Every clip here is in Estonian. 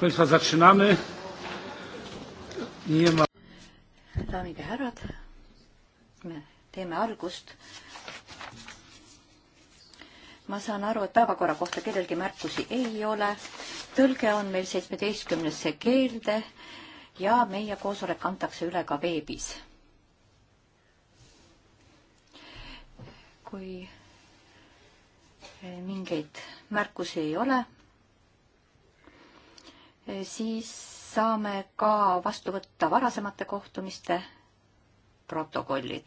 Państwa, zaczynamy. Nie ma... Daamid ja härrad, me teeme algust. ma saan aru, et päevakorra kohta kellelgi märkusi ei ole. tõlge on meil seitsmeteistkümnesse keelde ja meie koosolek antakse üle ka veebis. kui mingeid märkusi ei ole Äh, siis saame ka vastu võtta varasemate kohtumiste protokollid.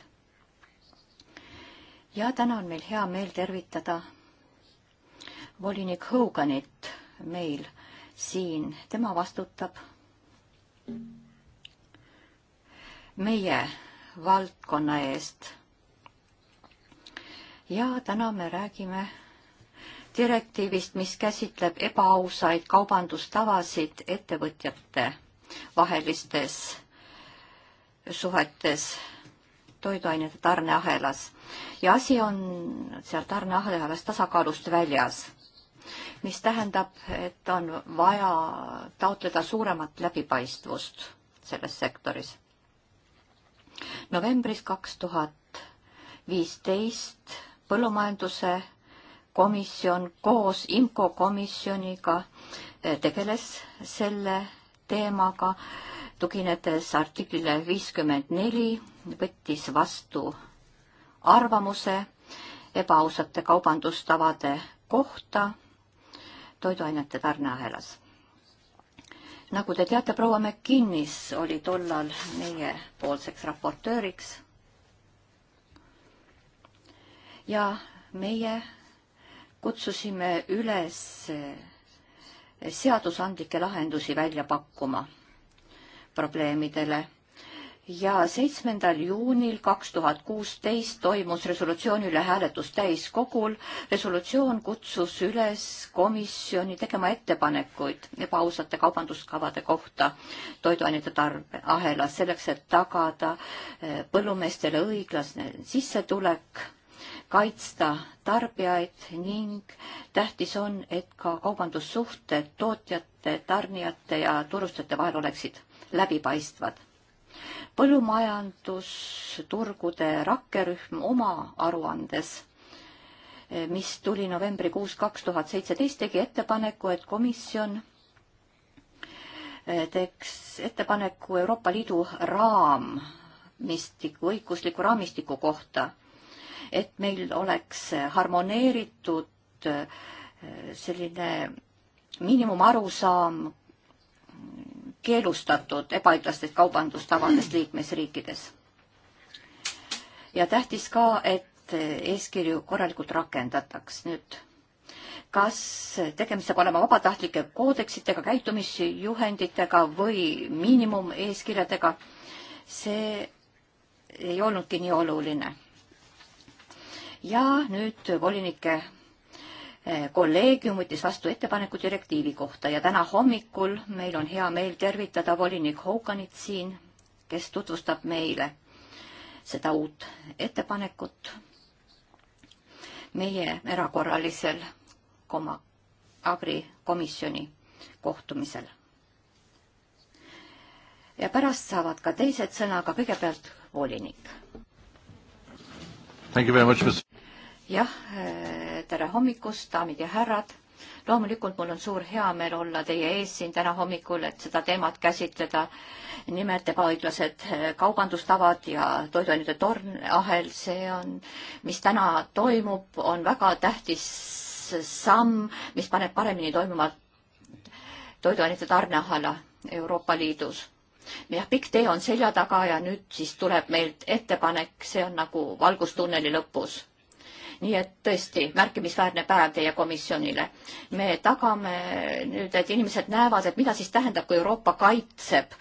ja täna on meil hea meel tervitada volinik Hoganit meil siin, tema vastutab meie valdkonna eest. ja täna me räägime direktiivist, mis käsitleb ebaausaid kaubandustavasid ettevõtjate vahelistes suhetes toiduainete tarneahelas ja asi on seal tarneahelas tasakaalust väljas, mis tähendab, et on vaja taotleda suuremat läbipaistvust selles sektoris. novembris kaks tuhat viisteist põllumajanduse komisjon koos IMCO komisjoniga eh, tegeles selle teemaga, tuginedes artiklile viiskümmend neli, võttis vastu arvamuse ebaausate kaubandustavade kohta toiduainete tarneahelas. nagu te teate, proua McKinnis oli tollal meiepoolseks raportööriks ja meie kutsusime üles seadusandlikke lahendusi välja pakkuma probleemidele ja seitsmendal juunil kaks tuhat kuusteist toimus resolutsiooni üle hääletus täiskogul. resolutsioon kutsus üles komisjoni tegema ettepanekuid ebaausate kaubanduskavade kohta toiduainete tarbeahelas selleks, et tagada eh, põllumeestele õiglasne sissetulek kaitsta tarbijaid ning tähtis on, et ka kaubandussuhted tootjate, tarnijate ja turustajate vahel oleksid läbipaistvad. põllumajandusturgude rakkerühm oma aruandes, eh, mis tuli novembrikuus kaks tuhat seitseteist, tegi ettepaneku, et komisjon eh, teeks ettepaneku Euroopa Liidu raammistiku, õigusliku raamistiku kohta et meil oleks harmoneeritud eh, selline miinimumarusaam keelustatud ebaõiglastest kaubandustavadest liikmesriikides. ja tähtis ka, et eeskirju korralikult rakendataks nüüd. kas tegemist saab olema vabatahtlike koodeksitega, käitumisjuhenditega või miinimumeeskirjadega, see ei olnudki nii oluline ja nüüd volinike eh, kolleegium võttis vastu ettepaneku direktiivi kohta ja täna hommikul meil on hea meel tervitada volinik Hoganit siin, kes tutvustab meile seda uut ettepanekut meie erakorralisel koma, agrikomisjoni kohtumisel. ja pärast saavad ka teised sõna, aga kõigepealt volinik jah, äh, tere hommikust, daamid ja härrad. loomulikult mul on suur heameel olla teie ees siin täna hommikul, et seda teemat käsitleda. nimelt ebaõiglased äh, kaubandustavad ja toiduainete tornahel, see on, mis täna toimub, on väga tähtis samm, mis paneb paremini toimuma toiduainete tarneahela Euroopa Liidus jah, pikk tee on selja taga ja nüüd siis tuleb meilt ettepanek, see on nagu valgustunneli lõpus nii et tõesti märkimisväärne päev teie komisjonile. me tagame nüüd, et inimesed näevad, et mida siis tähendab, kui Euroopa kaitseb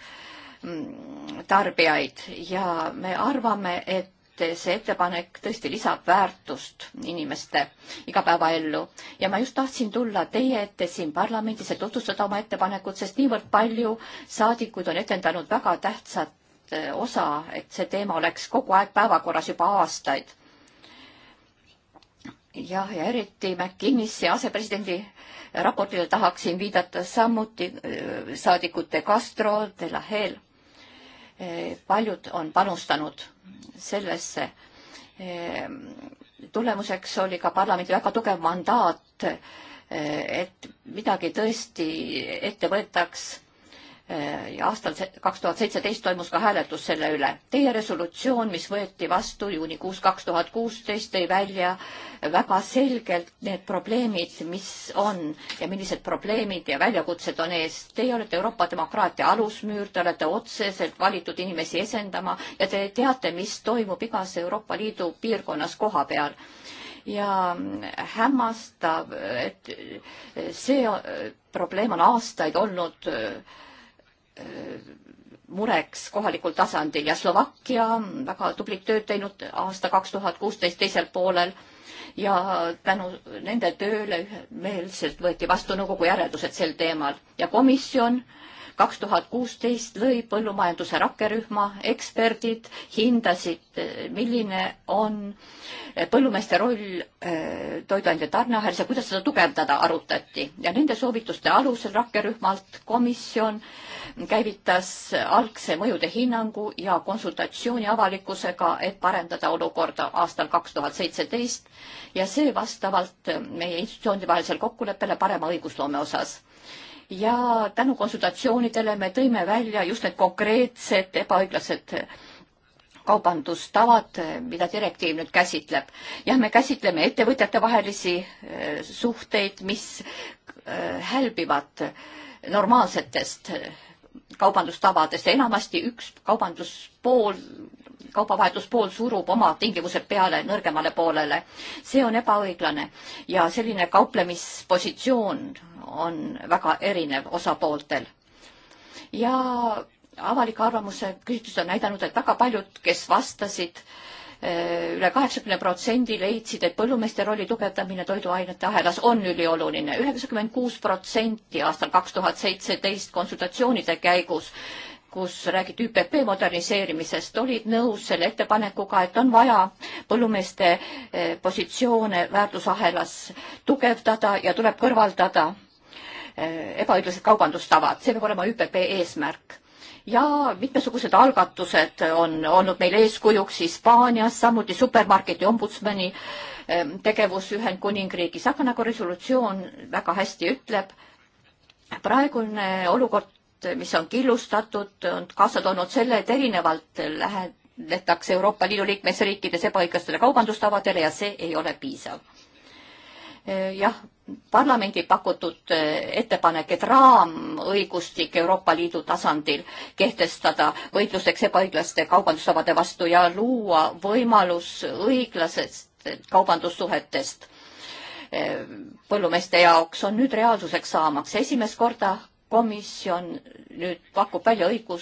mm, tarbijaid ja me arvame, et see ettepanek tõesti lisab väärtust inimeste igapäevaellu ja ma just tahtsin tulla teie ette siin parlamendis, et tutvustada oma ettepanekut, sest niivõrd palju saadikud on etendanud väga tähtsat eh, osa, et see teema oleks kogu aeg päevakorras juba aastaid jah, ja eriti McKinnisi asepresidendi raportile tahaksin viidata samuti äh, saadikute Castro, De La Hel. Äh, paljud on panustanud sellesse. Äh, tulemuseks oli ka parlamendi väga tugev mandaat, et midagi tõesti ette võetaks Äh, ja aastal kaks tuhat seitseteist toimus ka hääletus selle üle. Teie resolutsioon, mis võeti vastu juunikuus kaks tuhat kuusteist, tõi välja väga selgelt need probleemid, mis on ja millised probleemid ja väljakutsed on ees. Teie olete Euroopa demokraatia alusmüür, te olete otseselt valitud inimesi esendama ja te teate, mis toimub igas Euroopa Liidu piirkonnas koha peal ja hämmastav, et see äh, probleem on aastaid olnud äh, mureks kohalikul tasandil ja Slovakkia on väga tublit tööd teinud aasta kaks tuhat kuusteist teisel poolel ja tänu nende tööle meelselt võeti vastu nõukogu järeldused sel teemal ja komisjon äh, kaks tuhat kuusteist lõi põllumajanduse rakkerühma eksperdid hindasid, milline on põllumeeste roll äh, toiduainete tarneahelis ja kuidas seda tugevdada, arutati ja nende soovituste alusel rakkerühmalt komisjon käivitas algse mõjude hinnangu ja konsultatsiooni avalikkusega, et parendada olukorda aastal kaks tuhat seitseteist ja see vastavalt meie institutsioonide vahelisele kokkuleppele parema õigusloome osas ja tänu konsultatsioonidele me tõime välja just need konkreetsed ebaõiglased kaubandustavad, mida direktiiv nüüd käsitleb. jah, me käsitleme ettevõtjatevahelisi eh, suhteid, mis eh, hälbivad normaalsetest eh, kaubandustavadest ja enamasti üks kaubanduspool kaubavahetuspool surub oma tingimused peale nõrgemale poolele. see on ebaõiglane ja selline kauplemispositsioon on väga erinev osapooltel. ja avalike arvamuse küsitlused on näidanud, et väga paljud, kes vastasid, eh, üle kaheksakümne protsendi leidsid, et põllumeeste rolli tugevdamine toiduainete ahelas on ülioluline. üheksakümmend kuus protsenti aastal kaks tuhat seitseteist konsultatsioonide käigus kus räägiti ÜPP moderniseerimisest, olid nõus selle ettepanekuga, et on vaja põllumeeste eh, positsioone väärtusahelas tugevdada ja tuleb kõrvaldada eh, ebaõiglased kaubandustavad, see peab olema ÜPP eesmärk ja mitmesugused algatused on olnud meil eeskujuks Hispaanias, samuti supermarketi ombudsmani eh, tegevus Ühendkuningriigis, aga nagu resolutsioon väga hästi ütleb, praegune olukord mis on killustatud, on kaasa toonud selle, et erinevalt lähenetakse Euroopa Liidu liikmesriikides ebaõiglastele kaubandustavadele ja see ei ole piisav. jah, parlamendi pakutud ettepanek, et raamõigustik Euroopa Liidu tasandil kehtestada võitluseks ebaõiglaste kaubandustavade vastu ja luua võimalus õiglasest kaubandussuhetest põllumeeste jaoks on nüüd reaalsuseks saamaks. esimest korda komisjon nüüd pakub välja õiguslikud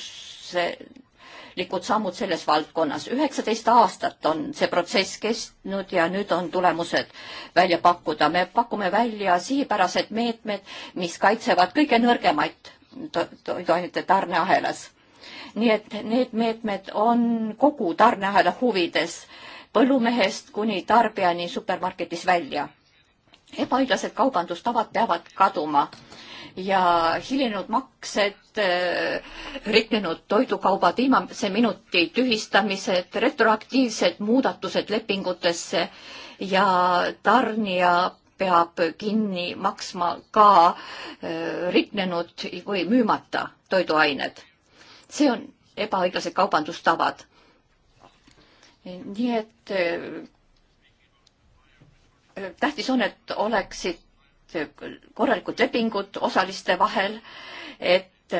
sammud selles valdkonnas. üheksateist aastat on see protsess kestnud ja nüüd on tulemused välja pakkuda. me pakume välja sihipärased meetmed, mis kaitsevad kõige nõrgemaid toiduainete tarneahelas. nii et need meetmed on kogu tarneahela huvides, põllumehest kuni tarbijani supermarketis välja. ebaõiglased kaubandustavad peavad kaduma ja hilinenud maksed, äh, riknenud toidukaubad, viimase minuti tühistamised, retroaktiivsed muudatused lepingutesse ja tarnija peab kinni maksma ka äh, riknenud või müümata toiduained. see on ebaõiglased kaubandustavad. nii et äh, tähtis on, et oleksid korralikud lepingud osaliste vahel, et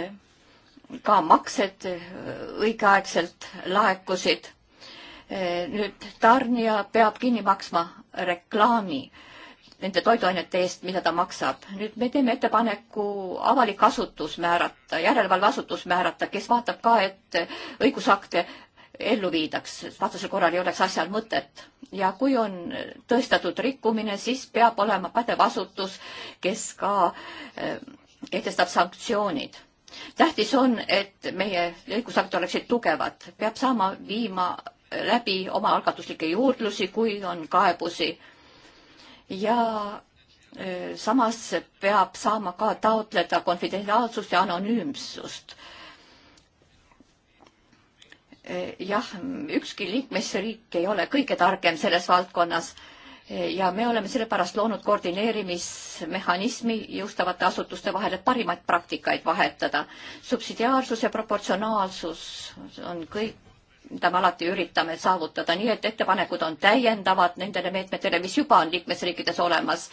ka maksed õigeaegselt laekusid. nüüd tarnija peab kinni maksma reklaami nende toiduainete eest, mida ta maksab. nüüd me teeme ettepaneku avalik asutus määrata, järelevalveasutus määrata, kes vaatab ka, et õigusakte ellu viidaks, vastasel korral ei oleks asjal mõtet. ja kui on tõestatud rikkumine, siis peab olema pädev asutus, kes ka eh, kehtestab sanktsioonid. tähtis on, et meie õigusaktid oleksid tugevad, peab saama viima läbi omaalgatuslikke juurdlusi, kui on kaebusi. ja eh, samas peab saama ka taotleda konfidentsiaalsust ja anonüümsust Eh, jah, ükski liikmesriik ei ole kõige targem selles valdkonnas eh, ja me oleme sellepärast loonud koordineerimismehhanismi jõustavate asutuste vahel, et parimaid praktikaid vahetada. subsidiaarsus ja proportsionaalsus on kõik, mida me alati üritame saavutada, nii et ettepanekud on täiendavad nendele meetmetele, mis juba on liikmesriikides olemas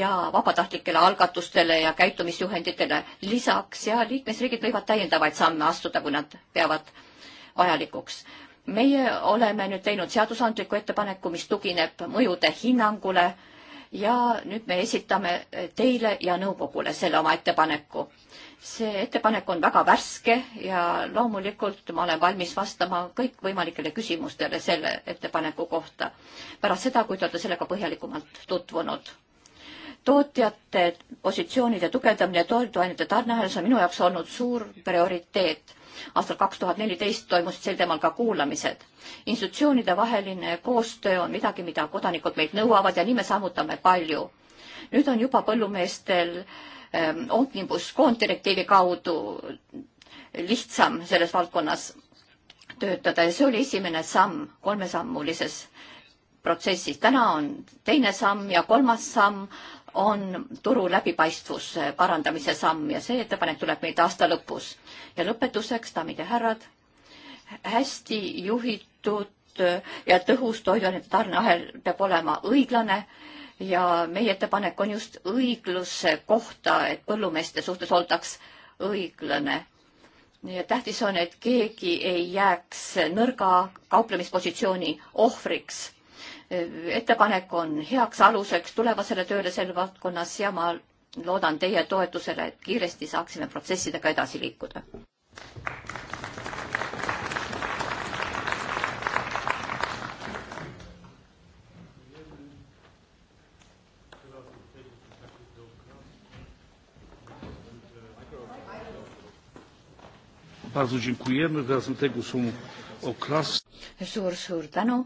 ja vabatahtlikele algatustele ja käitumisjuhenditele lisaks ja liikmesriigid võivad täiendavaid samme astuda, kui nad peavad vajalikuks. meie oleme nüüd teinud seadusandliku ettepaneku, mis tugineb mõjude hinnangule ja nüüd me esitame teile ja nõukogule selle oma ettepaneku. see ettepanek on väga värske ja loomulikult ma olen valmis vastama kõikvõimalikele küsimustele selle ettepaneku kohta pärast seda, kui te olete sellega põhjalikumalt tutvunud tootjate positsioonide tugevdamine toiduainete tarneahelas on minu jaoks olnud suur prioriteet aastal kaks tuhat neliteist toimusid sel teemal ka kuulamised. institutsioonide vaheline koostöö on midagi, mida kodanikud meilt nõuavad ja nii me saavutame palju. nüüd on juba põllumeestel ähm, omnibus koonddirektiivi kaudu lihtsam selles valdkonnas töötada ja see oli esimene samm kolmesammulises protsessis. täna on teine samm ja kolmas samm on turu läbipaistvuse parandamise samm ja see ettepanek tuleb meid aasta lõpus. ja lõpetuseks, daamid ja härrad, hästi juhitud ja tõhus toiduainete tarneahel peab olema õiglane ja meie ettepanek on just õigluse kohta, et põllumeeste suhtes oldaks õiglane. ja tähtis on, et keegi ei jääks nõrga kauplemispositsiooni ohvriks ettepanek on heaks aluseks tulevasele tööle sel valdkonnas ja ma loodan teie toetusele, et kiiresti saaksime protsessidega edasi liikuda. Bardzo dziękujemy. Wyrazem tego są oklasy. Suur, suur tänu.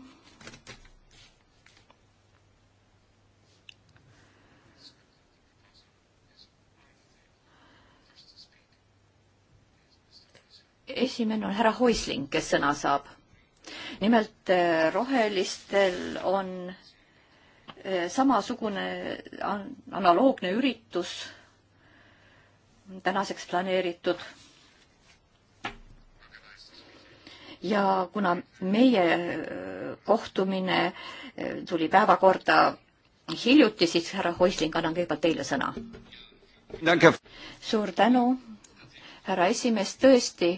esimene on härra Hoisling, kes sõna saab. nimelt äh, rohelistel on äh, samasugune analoogne üritus tänaseks planeeritud. ja kuna meie äh, kohtumine tuli päevakorda hiljuti, siis härra Hoisling, annan kõigepealt teile sõna. suur tänu härra esimees, tõesti,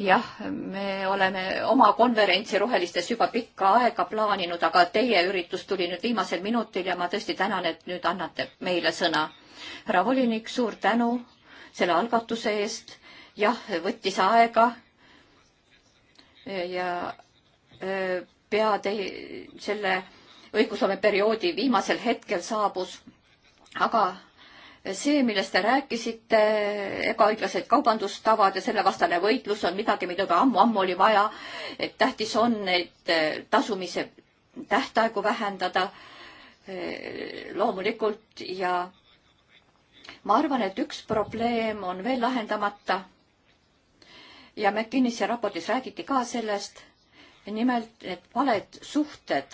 jah, me oleme oma konverentsi Rohelistes juba pikka aega plaaninud, aga teie üritus tuli nüüd viimasel minutil ja ma tõesti tänan, et nüüd annate meile sõna. härra volinik, suur tänu selle algatuse eest. jah, võttis aega ja pea tei-, selle õigusloome perioodi viimasel hetkel saabus, aga see, millest te rääkisite, ebaõiglased kaubandustavad ja sellevastane võitlus on midagi, mida juba ammu-ammu oli vaja. et tähtis on neid eh, tasumise tähtaegu vähendada eh, loomulikult ja ma arvan, et üks probleem on veel lahendamata. ja McKinnise raportis räägiti ka sellest, nimelt need valed suhted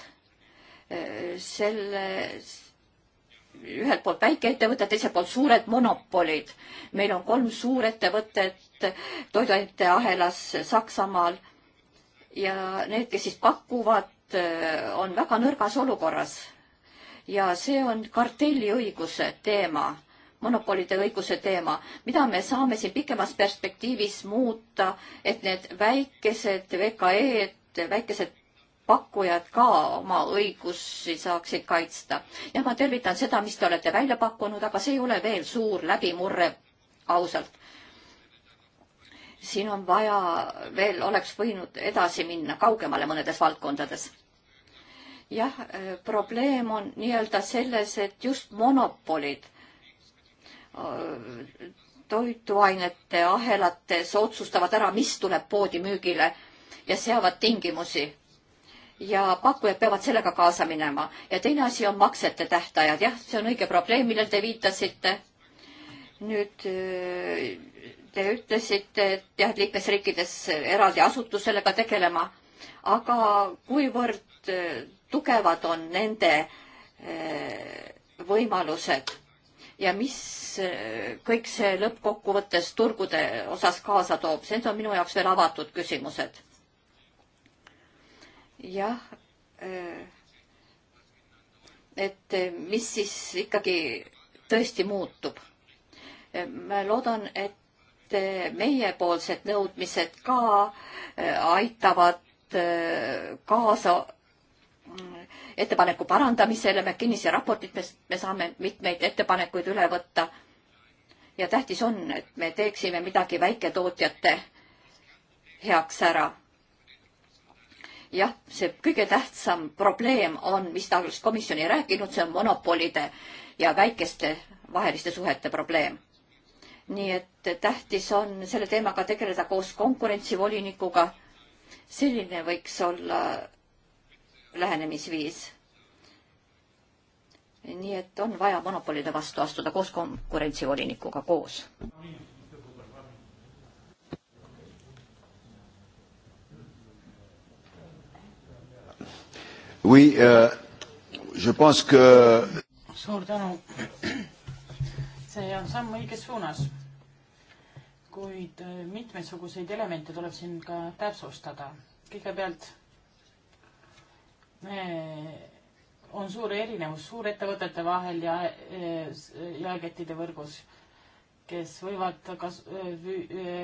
eh, selles ühelt poolt väikeettevõtted, teiselt poolt suured monopolid. meil on kolm suurettevõtet toiduainete ahelas Saksamaal ja need, kes siis pakuvad, on väga nõrgas olukorras. ja see on kartelliõiguse teema, monopolide õiguse teema, mida me saame siin pikemas perspektiivis muuta, et need väikesed VKE-d, väikesed pakkujad ka oma õigusi saaksid kaitsta. ja ma tervitan seda, mis te olete välja pakkunud, aga see ei ole veel suur läbimurre, ausalt. siin on vaja veel, oleks võinud edasi minna kaugemale mõnedes valdkondades. jah, probleem on nii-öelda selles, et just monopolid toiduainete ahelates otsustavad ära, mis tuleb poodi müügile ja seavad tingimusi ja pakkujad peavad sellega kaasa minema. ja teine asi on maksete tähtajad. jah, see on õige probleem, millele te viitasite. nüüd äh, te ütlesite, et jah, et liikmesriikides eraldi asutus sellega tegelema. aga kuivõrd äh, tugevad on nende äh, võimalused ja mis kõik see lõppkokkuvõttes turgude osas kaasa toob, see on minu jaoks veel avatud küsimused jah, äh, et äh, mis siis ikkagi tõesti muutub. Äh, ma loodan, et meiepoolsed nõudmised ka aitavad kaasa mm, ettepaneku parandamisele, McKinnise raportit me, me saame mitmeid ettepanekuid üle võtta. ja tähtis on, et me teeksime midagi väiketootjate heaks ära jah, see kõige tähtsam probleem on, mis ta oleks komisjoni rääkinud, see on monopolide ja väikeste vaheliste suhete probleem. nii et tähtis on selle teemaga tegeleda koos konkurentsivolinikuga. selline võiks olla lähenemisviis. nii et on vaja monopolide vastu astuda koos konkurentsivolinikuga koos. Oui, euh, je pense que... suur tänu. see on samm õiges suunas. kuid äh, mitmesuguseid elemente tuleb siin ka täpsustada. kõigepealt me, äh, on suur erinevus suurettevõtete vahel ja äh, jaekettide võrgus, kes võivad kas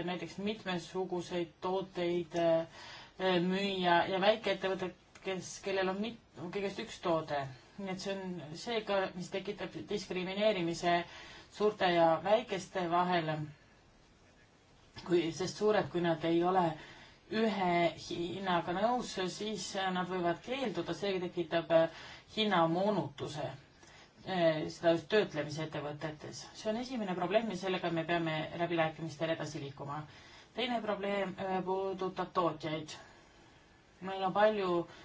näiteks mitmesuguseid tooteid müüa ja väikeettevõtted kes, kellel on mit-, kõigest üks toode. nii et see on see ka, mis tekitab diskrimineerimise suurte ja väikeste vahel. kui, sest suured, kui nad ei ole ühe hinnaga nõus, siis nad võivad keelduda, see tekitab hinnamoonutuse, eh, seda just töötlemisettevõtetes. see on esimene probleem ja sellega me peame läbirääkimistel edasi liikuma. teine probleem eh, puudutab tootjaid. meil on palju äh,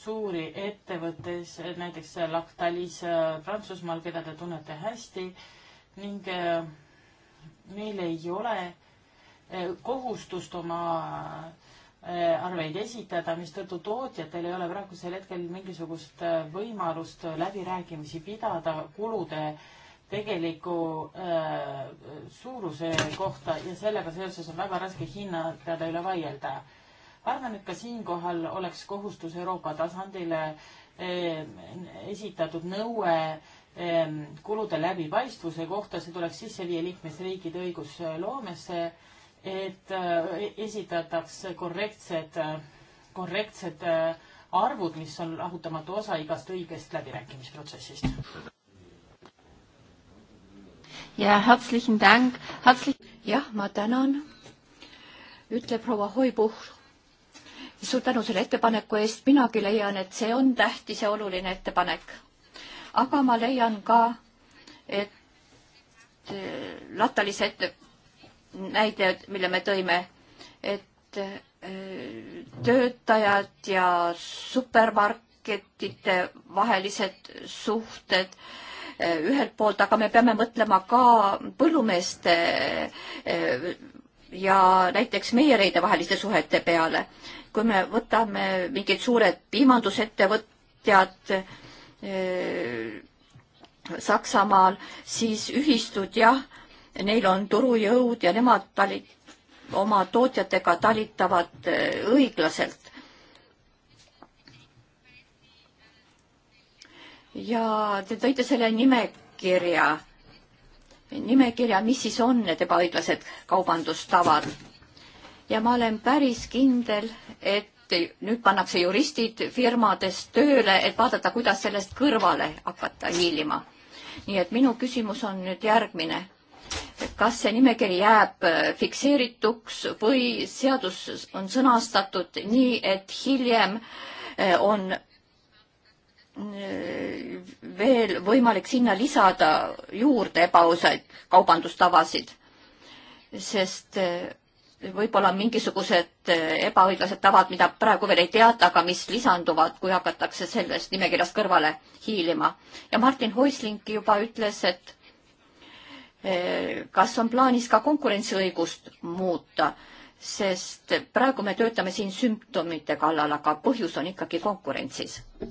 suuri ettevõtteid, näiteks Lactalis äh, Prantsusmaal, keda te tunnete hästi ning äh, meil ei ole äh, kohustust oma arveid esitada, mistõttu tootjatel ei ole praegusel hetkel mingisugust võimalust läbirääkimisi pidada kulude tegeliku äh, suuruse kohta ja sellega seoses on väga raske hinnade üle vaielda äh, arvan, et ka siinkohal oleks kohustus Euroopa tasandile ehm, esitatud nõue ehm, kulude läbipaistvuse kohta, see tuleks sisse viia liikmesriikide õigusloomesse, et eh, e-, esitataks korrektsed, korrektsed eh, arvud, mis on lahutamatu osa igast õigest läbirääkimisprotsessist. ja herzlichen Dank, herzlich-, jah, ma tänan, ütleb proua Hoibuh suur tänu selle ettepaneku eest, minagi leian, et see on tähtis ja oluline ettepanek. aga ma leian ka, et äh, lattalise ette, näide, mille me tõime, et äh, töötajad ja supermarketite vahelised suhted äh, ühelt poolt, aga me peame mõtlema ka põllumeeste ja näiteks meiereide vaheliste suhete peale. kui me võtame mingid suured piimandusettevõtjad eh, Saksamaal, siis ühistud jah, neil on turujõud ja nemad talit-, oma tootjatega talitavad eh, õiglaselt. ja te tõite selle nimekirja nimekirja, mis siis on need ebaõiglased kaubandustavad. ja ma olen päris kindel, et nüüd pannakse juristid firmades tööle, et vaadata, kuidas sellest kõrvale hakata hiilima. nii et minu küsimus on nüüd järgmine. kas see nimekiri jääb fikseerituks või seadus on sõnastatud nii, et hiljem on veel võimalik sinna lisada juurde ebaausaid kaubandustavasid, sest eh, võib-olla mingisugused eh, ebaõiglased tavad, mida praegu veel ei teata, aga mis lisanduvad, kui hakatakse sellest nimekirjast kõrvale hiilima. ja Martin Hoisling juba ütles, et eh, kas on plaanis ka konkurentsiõigust muuta sest praegu me töötame siin sümptomite kallal, aga põhjus on ikkagi konkurentsis. E,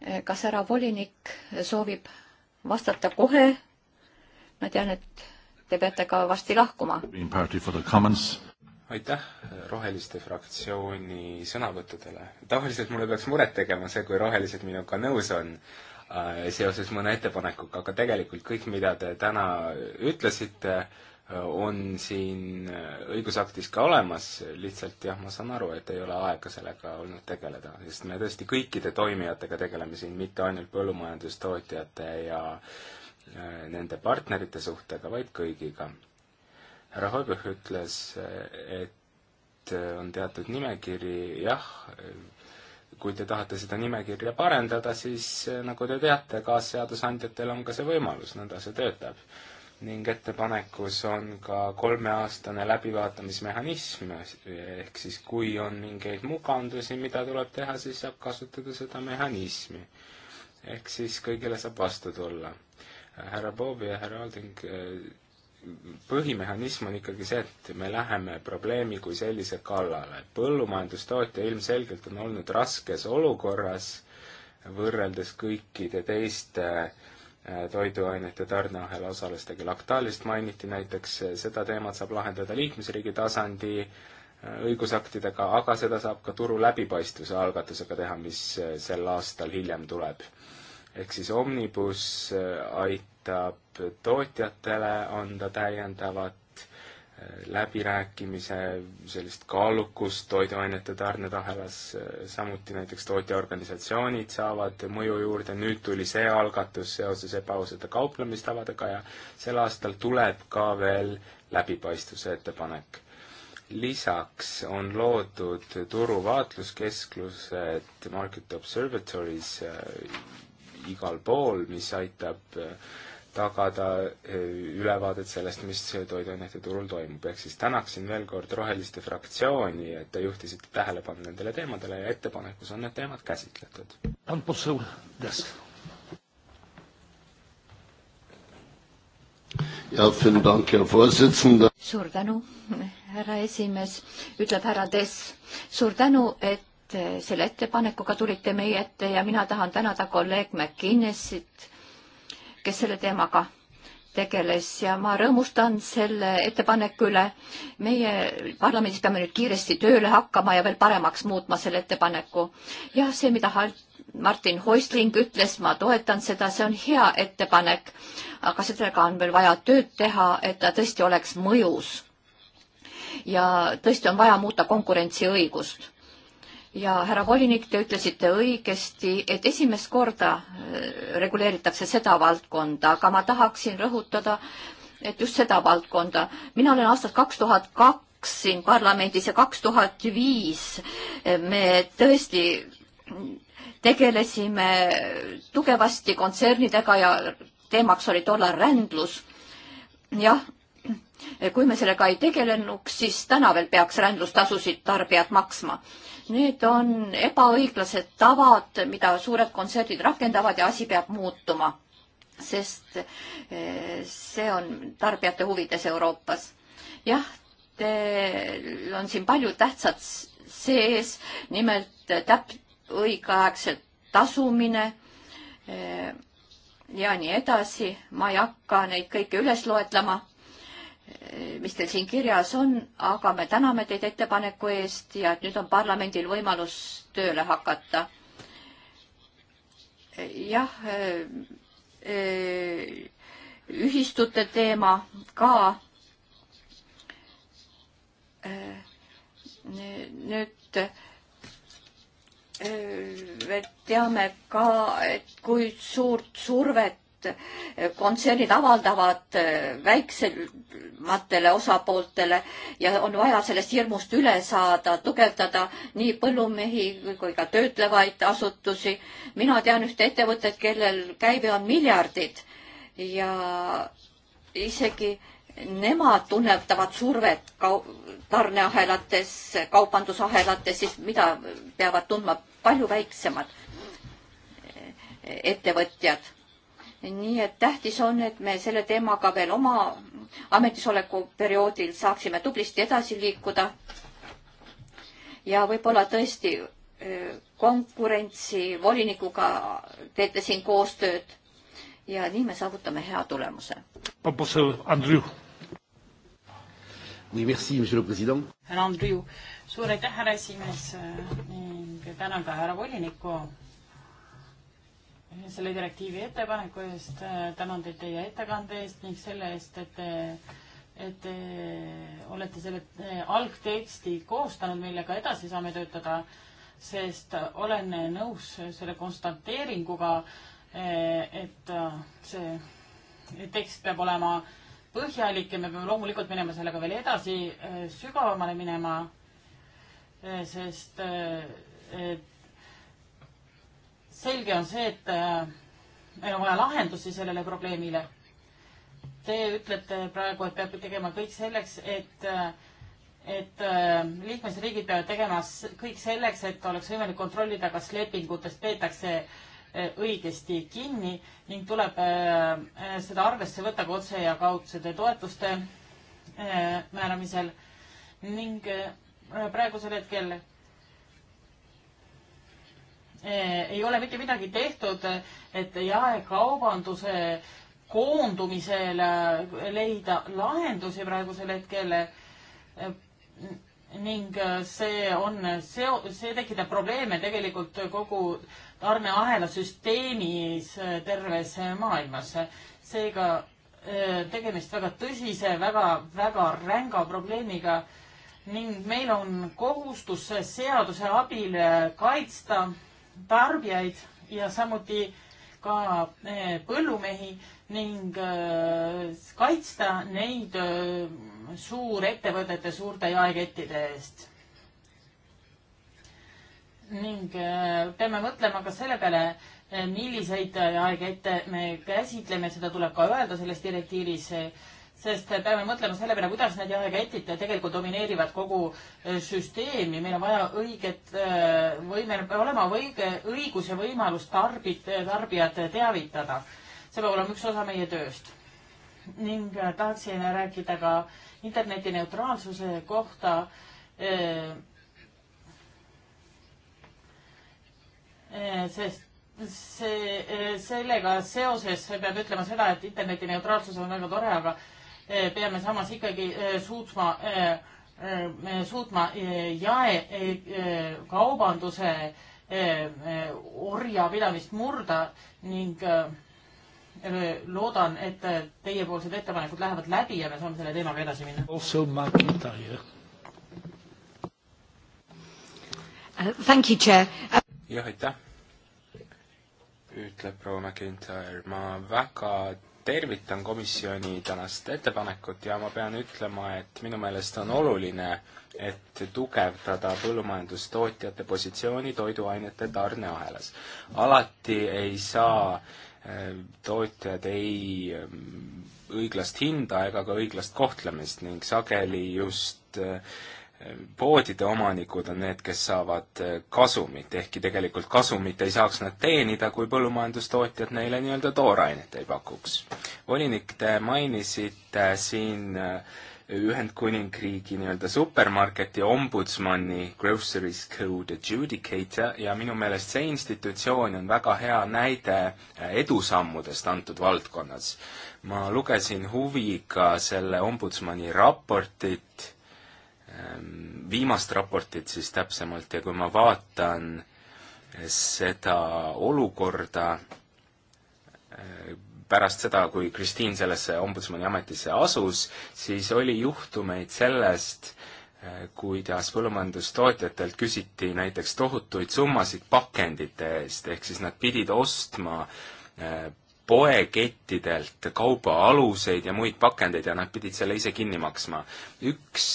e, kas härra volinik soovib vastata kohe? ma tean, et te peate ka varsti lahkuma. aitäh e, Roheliste fraktsiooni sõnavõttudele. tavaliselt mulle peaks muret tegema see, kui rohelised minuga nõus on Äh, seoses mõne ettepanekuga, aga tegelikult kõik, mida te täna ütlesite, äh, on siin äh, õigusaktis ka olemas, lihtsalt jah, ma saan aru, et ei ole aega sellega olnud tegeleda, sest me tõesti kõikide toimijatega tegeleme siin, mitte ainult põllumajandustootjate ja nende partnerite suhtega, vaid kõigiga. härra Hoibõh ütles, et on teatud nimekiri, jah, kui te tahate seda nimekirja parendada, siis eh, nagu te teate, kaasseadusandjatel on ka see võimalus, nõnda see töötab. ning ettepanekus on ka kolmeaastane läbivaatamismehhanism, eh, ehk siis kui on mingeid mugandusi, mida tuleb teha, siis saab kasutada seda mehhanismi. ehk siis kõigile saab vastu tulla. härra Bob ja härra Alding eh, põhimehhanism on ikkagi see, et me läheme probleemi kui sellise kallale. põllumajandustootja ilmselgelt on olnud raskes olukorras võrreldes kõikide teiste äh, toiduainete tarneahela osalistega. laktaalist mainiti näiteks, äh, seda teemat saab lahendada liikmesriigi tasandi äh, õigusaktidega, aga seda saab ka turu läbipaistvuse algatusega teha, mis sel aastal hiljem tuleb. ehk siis Omnibus ait-, aitab tootjatele anda täiendavat äh, läbirääkimise sellist kaalukust toiduainete tarneahelas, äh, samuti näiteks tootjaorganisatsioonid saavad mõju juurde, nüüd tuli see algatus seoses ebaausate kauplemistavadega ja sel aastal tuleb ka veel läbipaistvuse ettepanek. lisaks on loodud turuvaatluskeskused Market Observatories äh, igal pool, mis aitab äh, tagada eh, ülevaadet sellest, mis toiduainete turul toimub. ehk siis tänaksin veel kord Roheliste fraktsiooni, et te juhtisite tähelepanu nendele teemadele ja ettepanekus on need teemad käsitletud. suur tänu, härra esimees, ütleb härra Dess. suur tänu, et eh, selle ettepanekuga tulite meie ette ja mina tahan tänada kolleeg McInnesit kes selle teemaga tegeles ja ma rõõmustan selle ettepaneku üle. meie parlamendis peame nüüd kiiresti tööle hakkama ja veel paremaks muutma selle ettepaneku. jah, see, mida Martin Häusling ütles, ma toetan seda, see on hea ettepanek, aga sellega on veel vaja tööd teha, et ta tõesti oleks mõjus. ja tõesti on vaja muuta konkurentsiõigust ja härra volinik, te ütlesite õigesti, et esimest korda äh, reguleeritakse seda valdkonda, aga ma tahaksin rõhutada, et just seda valdkonda. mina olen aastast kaks tuhat kaks siin parlamendis ja kaks tuhat viis äh, me tõesti tegelesime tugevasti kontsernidega ja teemaks oli tollal rändlus. jah, kui me sellega ei tegelenuks, siis täna veel peaks rändlustasusid tarbijad maksma Need on ebaõiglased tavad, mida suured kontserdid rakendavad ja asi peab muutuma, sest eh, see on tarbijate huvides Euroopas. jah, teil on siin palju tähtsat sees, nimelt täp-, õigeaegselt tasumine eh, ja nii edasi. ma ei hakka neid kõike üles loetlema mis teil siin kirjas on, aga me täname teid ettepaneku eest ja et nüüd on parlamendil võimalus tööle hakata. jah, eh, eh, ühistute teema ka. Eh, nüüd me teame ka, et kui suurt survet et eh, kontsernid avaldavad eh, väiksematele osapooltele ja on vaja sellest hirmust üle saada, tugevdada nii põllumehi kui ka töötlevaid asutusi. mina tean ühte ettevõtet, kellel käive on miljardid ja isegi nemad tunnetavad survet kau-, tarneahelates, kaubandusahelates, siis mida peavad tundma palju väiksemad eh, ettevõtjad nii et tähtis on, et me selle teemaga veel oma ametisoleku perioodil saaksime tublisti edasi liikuda. ja võib-olla tõesti konkurentsi volinikuga teete siin koostööd ja nii me saavutame hea tulemuse. Oui, merci, monsieur le président. härra Andriu, suur aitäh, härra esimees ning tänan ka härra volinikku selle direktiivi ettepaneku eest, tänan teid teie ettekande eest ning selle eest, et te, et te olete selle eh, algteksti koostanud, millega edasi saame töötada, sest olen nõus selle konstateeringuga, eh, et eh, see tekst peab olema põhjalik ja me peame loomulikult minema sellega veel edasi, sügavamale minema, sest et selge on see, et äh, meil on vaja lahendusi sellele probleemile. Te ütlete praegu, et peab tegema kõik selleks, et, äh, et äh, liikmesriigid peavad tegema kõik selleks, et oleks võimalik kontrollida, kas lepingutest peetakse õigesti kinni ning tuleb seda arvesse võtta ka otse ja kaudsete toetuste määramisel ning praegusel hetkel Eh, ei ole mitte midagi tehtud, et jaekaubanduse koondumisel eh, leida lahendusi praegusel hetkel eh, ning see on seo-, see tekitab probleeme tegelikult kogu tarneahela süsteemis terves maailmas. seega tegemist väga tõsise, väga, väga ränga probleemiga ning meil on kohustus seaduse abil kaitsta tarbijaid ja samuti ka eh, põllumehi ning eh, kaitsta neid eh, suurettevõtete suurte jaekettide eest. ning peame mõtlema ka selle peale, milliseid jaekette me käsitleme, seda tuleb ka öelda selles direktiivis sest eh, peame mõtlema selle peale, kuidas need jaheketid tegelikult domineerivad kogu eh, süsteemi, meil on vaja õiget eh, või meil peab olema õige õigus ja võimalus tarbid, tarbijad teavitada. see peab olema üks osa meie tööst. ning tahtsin rääkida ka interneti neutraalsuse kohta sest see, sellega seoses peab ütlema seda, et interneti neutraalsus on väga tore, aga Eh, peame samas ikkagi eh, eh, suutma, suutma jaekaubanduse orjapidamist murda ning loodan, et teiepoolsed ettepanekud lähevad läbi ja me saame selle teemaga edasi minna. Uh, uh, jah, aitäh, ütleb proua McIntyre, ma väga tervitan komisjoni tänast ettepanekut ja ma pean ütlema, et minu meelest on oluline, et tugevdada põllumajandustootjate positsiooni toiduainete tarneahelas. alati ei saa eh, tootjad ei mm, õiglast hinda ega ka õiglast kohtlemist ning sageli just äh, poodide omanikud on need, kes saavad eh, kasumit, ehkki tegelikult kasumit ei saaks nad teenida, kui põllumajandustootjad neile nii-öelda toorainet ei pakuks. volinik, te mainisite siin eh, Ühendkuningriigi nii-öelda supermarketi ombudsmani Groceries Code Adjudicator ja minu meelest see institutsioon on väga hea näide eh, edusammudest antud valdkonnas. ma lugesin huviga selle ombudsmani raportit Ehm, viimast raportit siis täpsemalt ja kui ma vaatan eh, seda olukorda eh, pärast seda, kui Kristiin sellesse ombudsmani ametisse asus, siis oli juhtumeid sellest, eh, kuidas põllumajandustootjatelt küsiti näiteks tohutuid summasid pakendite eest, ehk siis nad pidid ostma poekettidelt kaubaaluseid ja muid pakendeid ja nad pidid selle ise kinni maksma. üks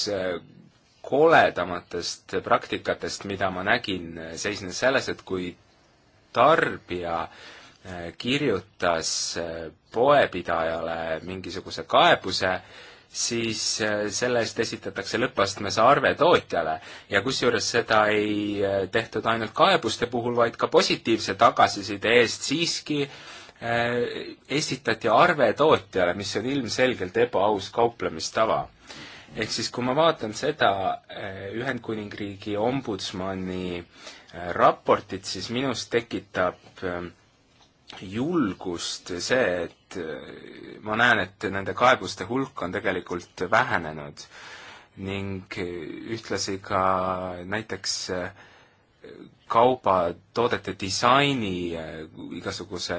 koledamatest praktikatest, mida ma nägin, seisnes selles, et kui tarbija eh, kirjutas eh, poepidajale mingisuguse kaebuse, siis eh, selle eest esitatakse lõppastmes arve tootjale ja kusjuures seda ei tehtud ainult kaebuste puhul, vaid ka positiivse tagasiside eest siiski esitati arve tootjale, mis on ilmselgelt ebaaus kauplemistava ehk siis, kui ma vaatan seda eh, Ühendkuningriigi ombudsmani eh, raportit, siis minus tekitab eh, julgust see, et ma näen, et nende kaebuste hulk on tegelikult vähenenud ning ühtlasi ka näiteks kaubatoodete disaini igasuguse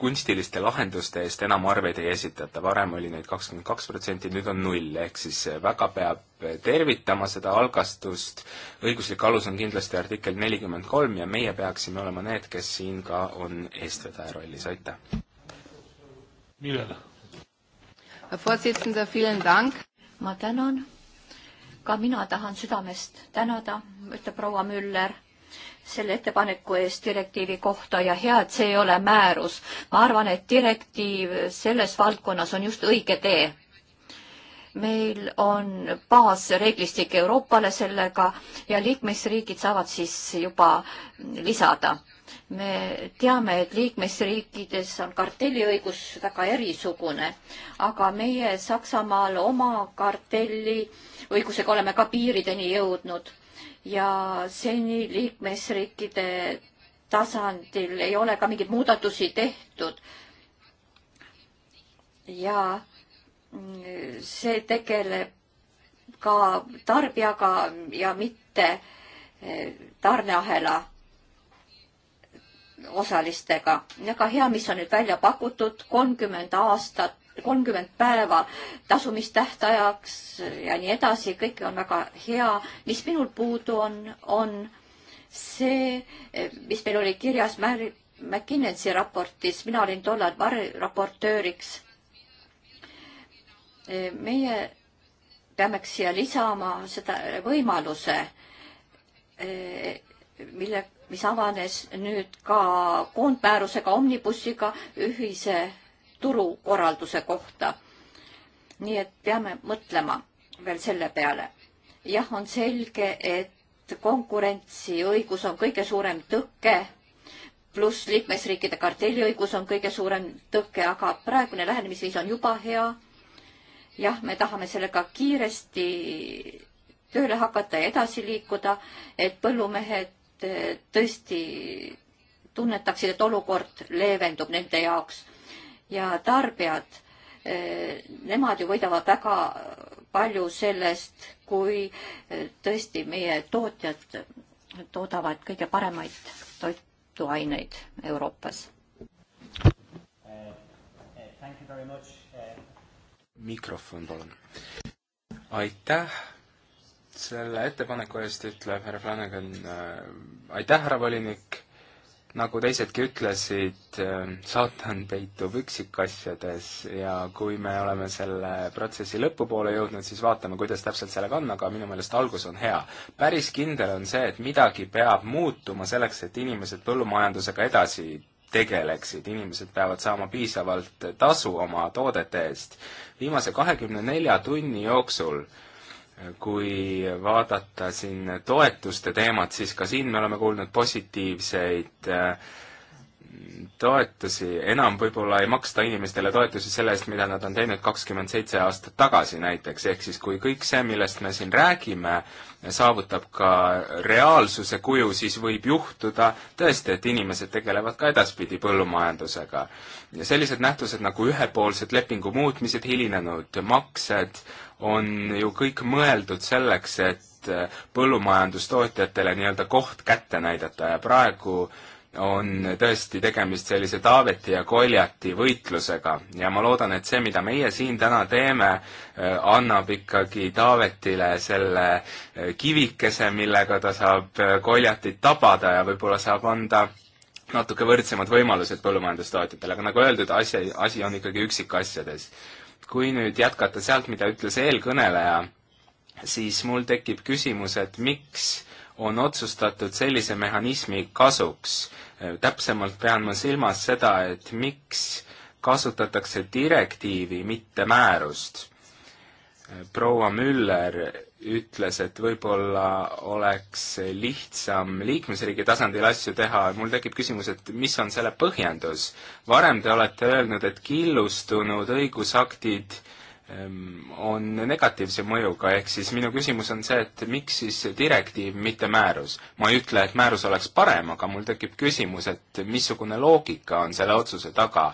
kunstiliste lahenduste eest enam arveid ei esitata, varem oli neid kakskümmend kaks protsenti, nüüd on null, ehk siis eh, väga peab eh, tervitama seda algastust, õiguslik alus on kindlasti artikkel nelikümmend kolm ja meie peaksime olema need, kes siin ka on eestvedaja rollis, aitäh! millele? ma tänan, ka mina tahan südamest tänada, ütleb proua Müller selle ettepaneku eest direktiivi kohta ja hea, et see ei ole määrus. ma arvan, et direktiiv selles valdkonnas on just õige tee. meil on baasreeglistik Euroopale sellega ja liikmesriigid saavad siis juba lisada. me teame, et liikmesriikides on kartelliõigus väga erisugune, aga meie Saksamaal oma kartelli õigusega oleme ka piirideni jõudnud ja seni liikmesriikide tasandil ei ole ka mingeid muudatusi tehtud. ja mm, see tegeleb ka tarbijaga ja mitte e, tarneahela osalistega. väga hea, mis on nüüd välja pakutud, kolmkümmend aastat kolmkümmend päeva tasumistähtajaks ja nii edasi, kõik on väga hea. mis minul puudu on, on see, mis meil oli kirjas Mary McKinnonsi raportis, mina olin tollal variraportööriks. meie peameks siia lisama seda võimaluse, mille, mis avanes nüüd ka koondmäärusega, omnibussiga, ühise turukorralduse kohta. nii et peame mõtlema veel selle peale. jah, on selge, et konkurentsiõigus on kõige suurem tõke, pluss liikmesriikide kartelliõigus on kõige suurem tõke, aga praegune lähenemisviis on juba hea. jah, me tahame sellega kiiresti tööle hakata ja edasi liikuda, et põllumehed eh, tõesti tunnetaksid, et olukord leevendub nende jaoks ja tarbijad, eh, nemad ju võidavad väga palju sellest, kui eh, tõesti meie tootjad toodavad kõige paremaid toituaineid Euroopas. mikrofon, palun. aitäh selle ettepaneku eest, ütleb härra Flanagan. aitäh, härra volinik nagu teisedki ütlesid, ähm, saatan peitub üksikasjades ja kui me oleme selle protsessi lõpupoole jõudnud, siis vaatame, kuidas täpselt sellega on, aga minu meelest algus on hea. päris kindel on see, et midagi peab muutuma selleks, et inimesed põllumajandusega edasi tegeleksid, inimesed peavad saama piisavalt tasu oma toodete eest. viimase kahekümne nelja tunni jooksul äh, kui vaadata siin toetuste teemat, siis ka siin me oleme kuulnud positiivseid äh, toetusi, enam võib-olla ei maksta inimestele toetusi selle eest, mida nad on teinud kakskümmend seitse aastat tagasi näiteks, ehk siis kui kõik see, millest me siin räägime, saavutab ka reaalsuse kuju, siis võib juhtuda tõesti, et inimesed tegelevad ka edaspidi põllumajandusega. ja sellised nähtused nagu ühepoolsed lepingu muutmised, hilinenud maksed, on ju kõik mõeldud selleks, et põllumajandustootjatele nii-öelda koht kätte näidata ja praegu äh, on tõesti tegemist sellise Taaveti ja Koljati võitlusega ja ma loodan, et see, mida meie siin täna teeme, äh, annab ikkagi Taavetile selle äh, kivikese, millega ta saab Koljatit äh, tabada ja võib-olla saab anda natuke võrdsemad võimalused põllumajandustootjatele, aga nagu öeldud, asi, asi on ikkagi üksikasjades. kui nüüd jätkata sealt, mida ütles eelkõneleja, siis mul tekib küsimus, et miks on otsustatud sellise mehhanismi kasuks. täpsemalt pean ma silmas seda, et miks kasutatakse direktiivi, mitte määrust. proua Müller ütles, et võib-olla oleks lihtsam liikmesriigi tasandil asju teha, mul tekib küsimus, et mis on selle põhjendus? varem te olete öelnud, et killustunud õigusaktid äh, Ehm, on negatiivse mõjuga, ehk siis minu küsimus on see, et miks siis direktiiv, mitte määrus? ma ei ütle, et määrus oleks parem, aga mul tekib küsimus, et missugune loogika on selle otsuse taga.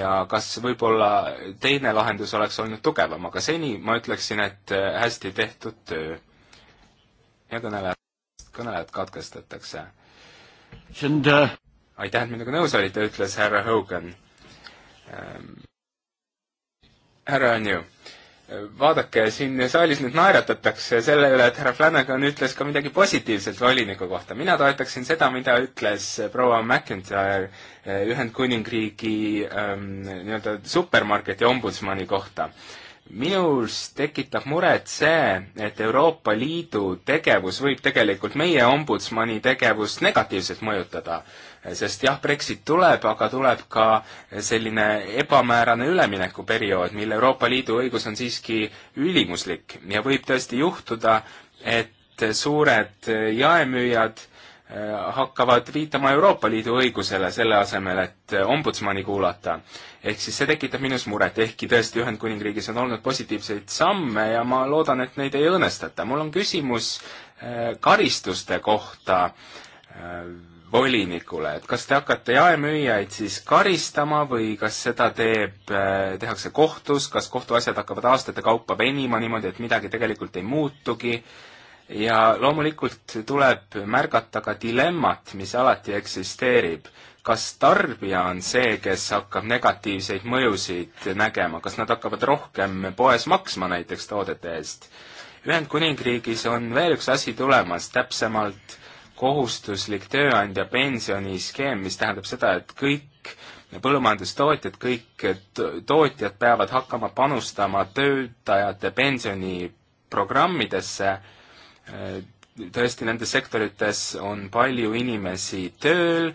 ja kas võib-olla teine lahendus oleks olnud tugevam, aga seni ma ütleksin, et äh, hästi tehtud töö. ja kõnelejad, kõnelejad katkestatakse. Äh, aitäh, et minuga nõus olite, ütles härra Hogan ähm härra Anju, vaadake, siin saalis nüüd naeratatakse selle üle, et härra Flanagan ütles ka midagi positiivset voliniku kohta. mina toetaksin seda, mida ütles proua McIntyre eh, Ühendkuningriigi ähm, nii-öelda supermarketi ombudsmani kohta minus tekitab muret see, et Euroopa Liidu tegevus võib tegelikult meie ombudsmani tegevust negatiivselt mõjutada sest jah, Brexit tuleb, aga tuleb ka selline ebamäärane üleminekuperiood, mil Euroopa Liidu õigus on siiski ülimuslik ja võib tõesti juhtuda, et suured jaemüüjad äh, hakkavad viitama Euroopa Liidu õigusele selle asemel, et ombudsmani kuulata. ehk siis see tekitab minus muret, ehkki tõesti Ühendkuningriigis on olnud positiivseid samme ja ma loodan, et neid ei õõnestata. mul on küsimus äh, karistuste kohta äh, volinikule, et kas te hakkate jaemüüjaid siis karistama või kas seda teeb, äh, tehakse kohtus, kas kohtuasjad hakkavad aastate kaupa venima niimoodi, et midagi tegelikult ei muutugi, ja loomulikult tuleb märgata ka dilemmat, mis alati eksisteerib. kas tarbija on see, kes hakkab negatiivseid mõjusid nägema, kas nad hakkavad rohkem poes maksma näiteks toodete eest? Ühendkuningriigis on veel üks asi tulemas, täpsemalt kohustuslik tööandja pensioniskeem, mis tähendab seda, et kõik põllumajandustootjad, kõik tootjad peavad hakkama panustama töötajate pensioniprogrammidesse. tõesti, nendes sektorites on palju inimesi tööl,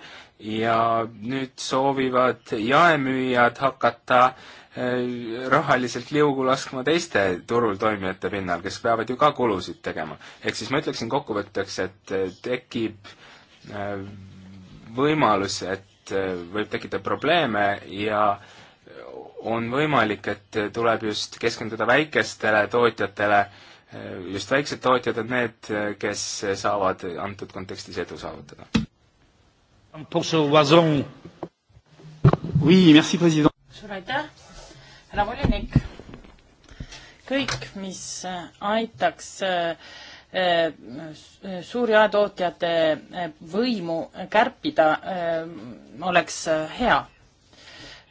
ja nüüd soovivad jaemüüjad hakata äh, rahaliselt liugu laskma teiste turul toimijate pinnal, kes peavad ju ka kulusid tegema. ehk siis ma ütleksin kokkuvõtteks, et äh, tekib äh, võimalus, et võib tekkida probleeme ja on võimalik, et tuleb just keskenduda väikestele tootjatele, just väiksed tootjad on need, kes saavad antud kontekstis edu saavutada suur aitäh, härra volinik. kõik, mis äh, aitaks äh, äh, suuri aetootjate võimu kärpida, oleks hea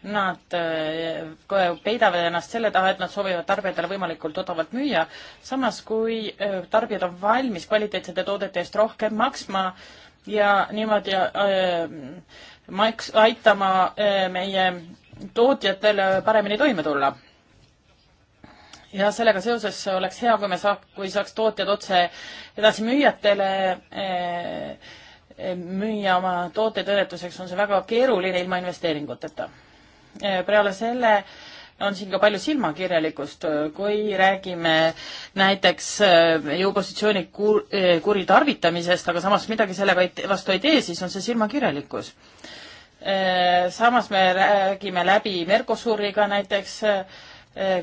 Nad peidavad ennast selle taha, et nad soovivad tarbijatele võimalikult odavalt müüa, samas kui tarbijad on valmis kvaliteetsete toodete eest rohkem maksma, ja niimoodi maiks- äh,, aitama äh, meie tootjatele äh, paremini toime tulla. ja sellega seoses oleks hea, kui me saaks, kui saaks tootjad otse edasi müüjatele äh, müüa oma tooteid õnnetuseks on see väga keeruline ilma investeeringuteta. Äh, peale selle äh, on siin ka palju silmakirjalikkust, kui räägime näiteks äh, jõupositsiooni kur-, äh, kuritarvitamisest, aga samas midagi sellega ei, vastu ei tee, siis on see silmakirjalikkus. Äh, samas me räägime läbi Mercosuriga näiteks,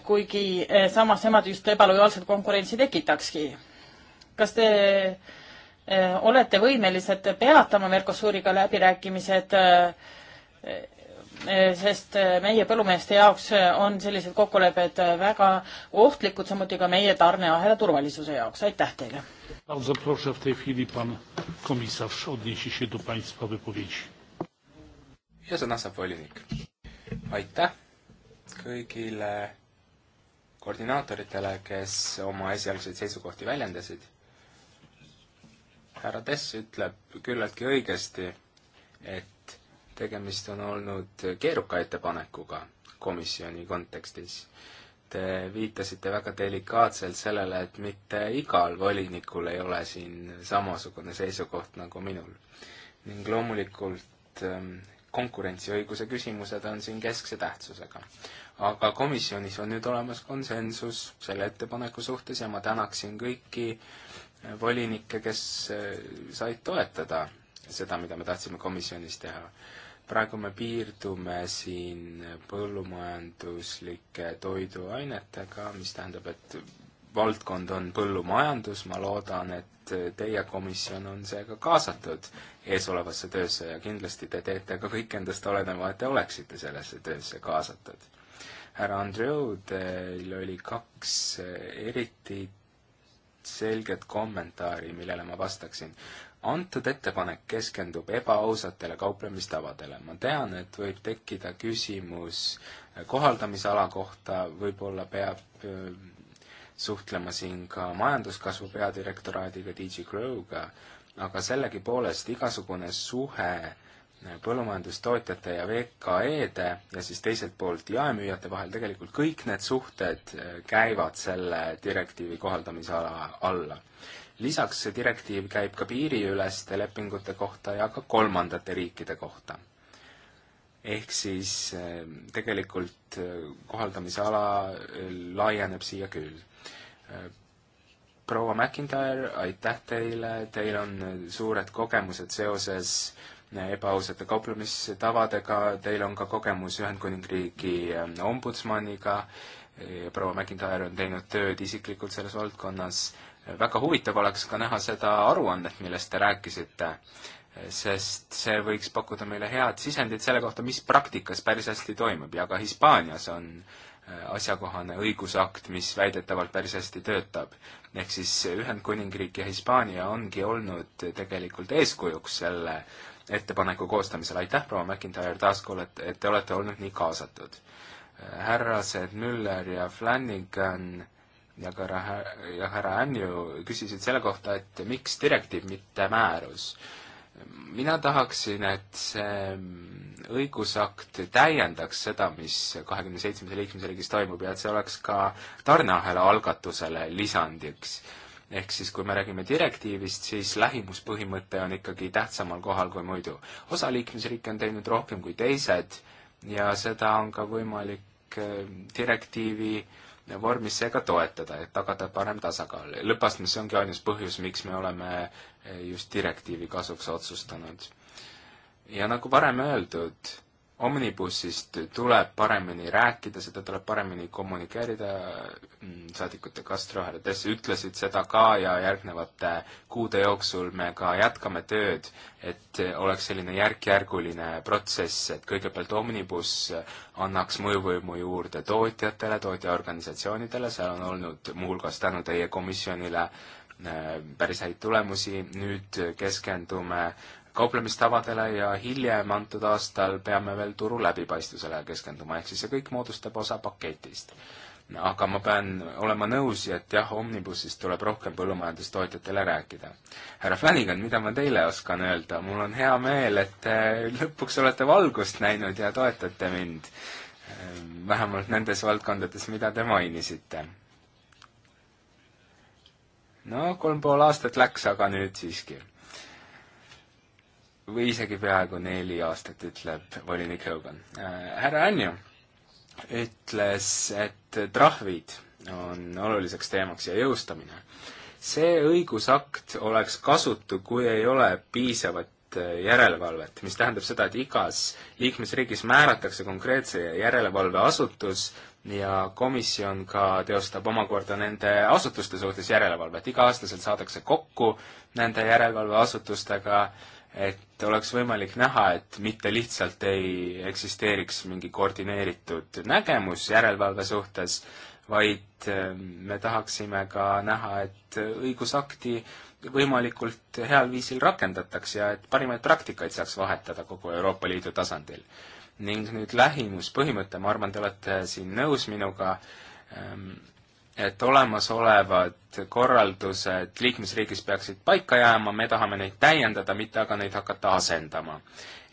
kuigi samas nemad just ebalojaalset konkurentsi tekitakski. kas te olete võimelised peatama Mercosuriga läbirääkimised Äh, sest äh, meie põllumeeste jaoks äh, on sellised kokkulepped väga ohtlikud, samuti ka meie tarneahela turvalisuse jaoks, aitäh teile. ja sõna saab volinik. aitäh kõigile koordinaatoritele, kes oma esialgseid seisukohti väljendasid. härra Tess ütleb küllaltki õigesti, et tegemist on olnud keeruka ettepanekuga komisjoni kontekstis. Te viitasite väga delikaatselt sellele, et mitte igal volinikul ei ole siin samasugune seisukoht nagu minul. ning loomulikult ähm, konkurentsiõiguse küsimused on siin keskse tähtsusega. aga komisjonis on nüüd olemas konsensus selle ettepaneku suhtes ja ma tänaksin kõiki volinikke, kes äh, said toetada seda, mida me tahtsime komisjonis teha praegu me piirdume siin põllumajanduslike toiduainetega, mis tähendab, et valdkond on põllumajandus, ma loodan, et teie komisjon on seega kaasatud eesolevasse töösse ja kindlasti te teete ka kõik endast oleneva, et te oleksite sellesse töösse kaasatud. härra Andreu, teil oli kaks eriti selget kommentaari, millele ma vastaksin antud ettepanek keskendub ebaausatele kauplemistavadele. ma tean, et võib tekkida küsimus kohaldamisala kohta, võib-olla peab äh, suhtlema siin ka majanduskasvu peadirektoraadiga, DG Grow'ga, aga sellegipoolest igasugune suhe äh, põllumajandustootjate ja VKE-de ja siis teiselt poolt jaemüüjate vahel, tegelikult kõik need suhted äh, käivad selle direktiivi kohaldamisala alla lisaks see direktiiv käib ka piiriüleste lepingute kohta ja ka kolmandate riikide kohta. ehk siis eh, tegelikult eh, kohaldamise ala eh, laieneb siia küll. proua McIntyre, aitäh teile, teil on suured kogemused seoses ebaausate kauplemistavadega, teil on ka kogemus Ühendkuningriigi ombudsmaniga, proua McIntyre on teinud tööd isiklikult selles valdkonnas väga huvitav oleks ka näha seda aruannet, millest te rääkisite, sest see võiks pakkuda meile head sisendit selle kohta, mis praktikas päris hästi toimub ja ka Hispaanias on äh, asjakohane õigusakt, mis väidetavalt päris hästi töötab. ehk siis Ühendkuningriik ja Hispaania ongi olnud tegelikult eeskujuks selle ettepaneku koostamisel, aitäh, proua McIntyre, taas kord, et te olete olnud nii kaasatud. Äh, härrased Müller ja Flanagan ja ka härra, ja härra Anju küsisid selle kohta, et miks direktiiv, mitte määrus. mina tahaksin, et see mm, õigusakt täiendaks seda, mis kahekümne seitsmes liikmesriigis toimub ja et see oleks ka tarneahela algatusele lisandiks. ehk siis, kui me räägime direktiivist, siis lähimuspõhimõte on ikkagi tähtsamal kohal kui muidu. osa liikmesriike on teinud rohkem kui teised ja seda on ka võimalik eh, direktiivi äh, vormis seega toetada, et tagada parem tasakaal. lõppastmes see ongi ainus põhjus, miks me oleme eh, just direktiivi kasuks otsustanud. ja nagu varem öeldud, omnibussist tuleb paremini rääkida, seda tuleb paremini kommunikeerida, mm, saadikute Castro ja Tess ütlesid seda ka ja järgnevate kuude jooksul me ka jätkame tööd, et oleks selline järk-järguline protsess, et kõigepealt omnibus annaks mõjuvõimu juurde tootjatele, tootjaorganisatsioonidele, seal on olnud muuhulgas tänu teie komisjonile äh, päris häid tulemusi, nüüd keskendume kauplemistavadele ja hiljem antud aastal peame veel turu läbipaistvusele keskenduma, ehk siis see kõik moodustab osa paketist. aga ma pean olema nõus, et jah, Omnibussist tuleb rohkem põllumajandustootjatele rääkida. härra Flanagan, mida ma teile oskan öelda, mul on hea meel, et te lõpuks olete valgust näinud ja toetate mind, ehm, vähemalt nendes valdkondades, mida te mainisite no kolm pool aastat läks, aga nüüd siiski või isegi peaaegu neli aastat, ütleb volinik Hogan. härra Anju ütles, et trahvid on oluliseks teemaks ja jõustamine. see õigusakt oleks kasutu, kui ei ole piisavat äh, järelevalvet, mis tähendab seda, et igas liikmesriigis määratakse konkreetse järelevalveasutus ja komisjon ka teostab omakorda nende asutuste suhtes järelevalvet, iga-aastaselt saadakse kokku nende järelevalveasutustega äh, et oleks võimalik näha, et mitte lihtsalt ei eksisteeriks mingi koordineeritud nägemus järelevalve suhtes, vaid ehm, me tahaksime ka näha, et õigusakti võimalikult heal viisil rakendataks ja et parimaid praktikaid saaks vahetada kogu Euroopa Liidu tasandil. ning nüüd lähimuspõhimõte, ma arvan, te olete siin nõus minuga ähm,, et olemasolevad korraldused liikmesriigis peaksid paika jääma, me tahame neid täiendada, mitte aga neid hakata asendama.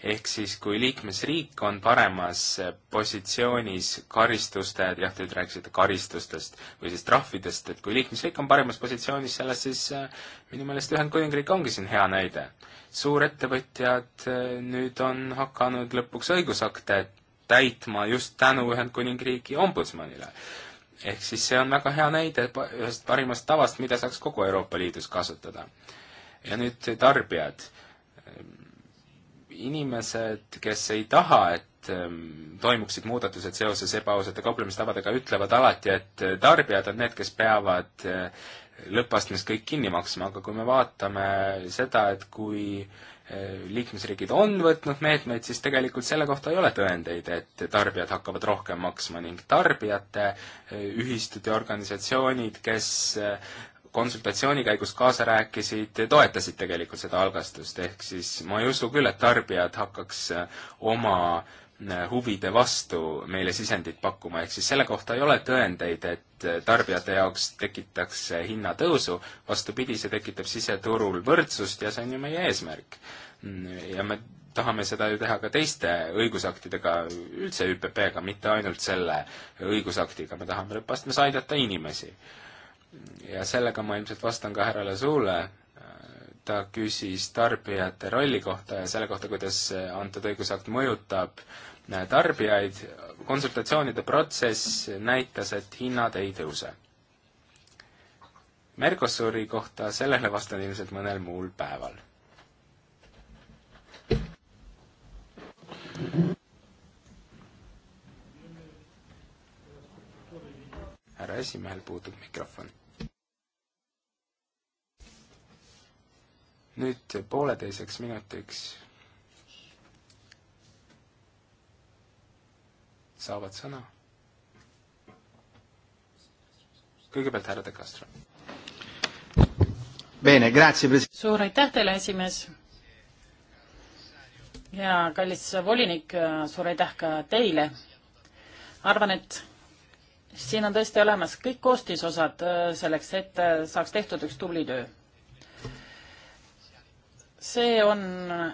ehk siis, kui liikmesriik on paremas positsioonis karistuste, jah, te nüüd rääkisite karistustest või siis trahvidest, et kui liikmesriik on paremas positsioonis selles, siis äh, minu meelest Ühendkuningriik ongi siin hea näide. suurettevõtjad äh, nüüd on hakanud lõpuks õigusakte täitma just tänu Ühendkuningriigi ombudsmanile ehk siis see on väga hea näide ühest parimast tavast, mida saaks kogu Euroopa Liidus kasutada. ja nüüd tarbijad. inimesed, kes ei taha, et ähm, toimuksid muudatused seoses ebaausate kauplemistavadega, ütlevad alati, et äh, tarbijad on need, kes peavad äh, lõppastmes kõik kinni maksma, aga kui me vaatame seda, et kui äh, Äh, liikmesriigid on võtnud meetmeid, siis tegelikult selle kohta ei ole tõendeid, et tarbijad hakkavad rohkem maksma ning tarbijate äh, ühistud ja organisatsioonid, kes äh, konsultatsiooni käigus kaasa rääkisid, toetasid tegelikult seda algastust, ehk siis ma ei usu küll, et tarbijad hakkaks oma huvide vastu meile sisendit pakkuma, ehk siis selle kohta ei ole tõendeid, et tarbijate jaoks tekitaks hinnatõusu, vastupidi, see tekitab siseturul võrdsust ja see on ju meie eesmärk. ja me tahame seda ju teha ka teiste õigusaktidega, üldse ÜPP-ga, mitte ainult selle õigusaktiga, me tahame lõppastmes aidata inimesi. ja sellega ma ilmselt vastan ka härra Lazule, ta küsis tarbijate rolli kohta ja selle kohta, kuidas antud õigusakt mõjutab äh, tarbijaid. konsultatsioonide protsess näitas, et hinnad ei tõuse. Mercosuri kohta, sellele vastan ilmselt mõnel muul päeval härra esimehel puudub mikrofon. nüüd pooleteiseks minutiks saavad sõna kõigepealt härra De Castro. suur aitäh teile, esimees. ja kallis volinik, suur aitäh ka teile. arvan, et siin on tõesti olemas kõik koostisosad äh, selleks, et äh, saaks tehtud üks tubli töö see on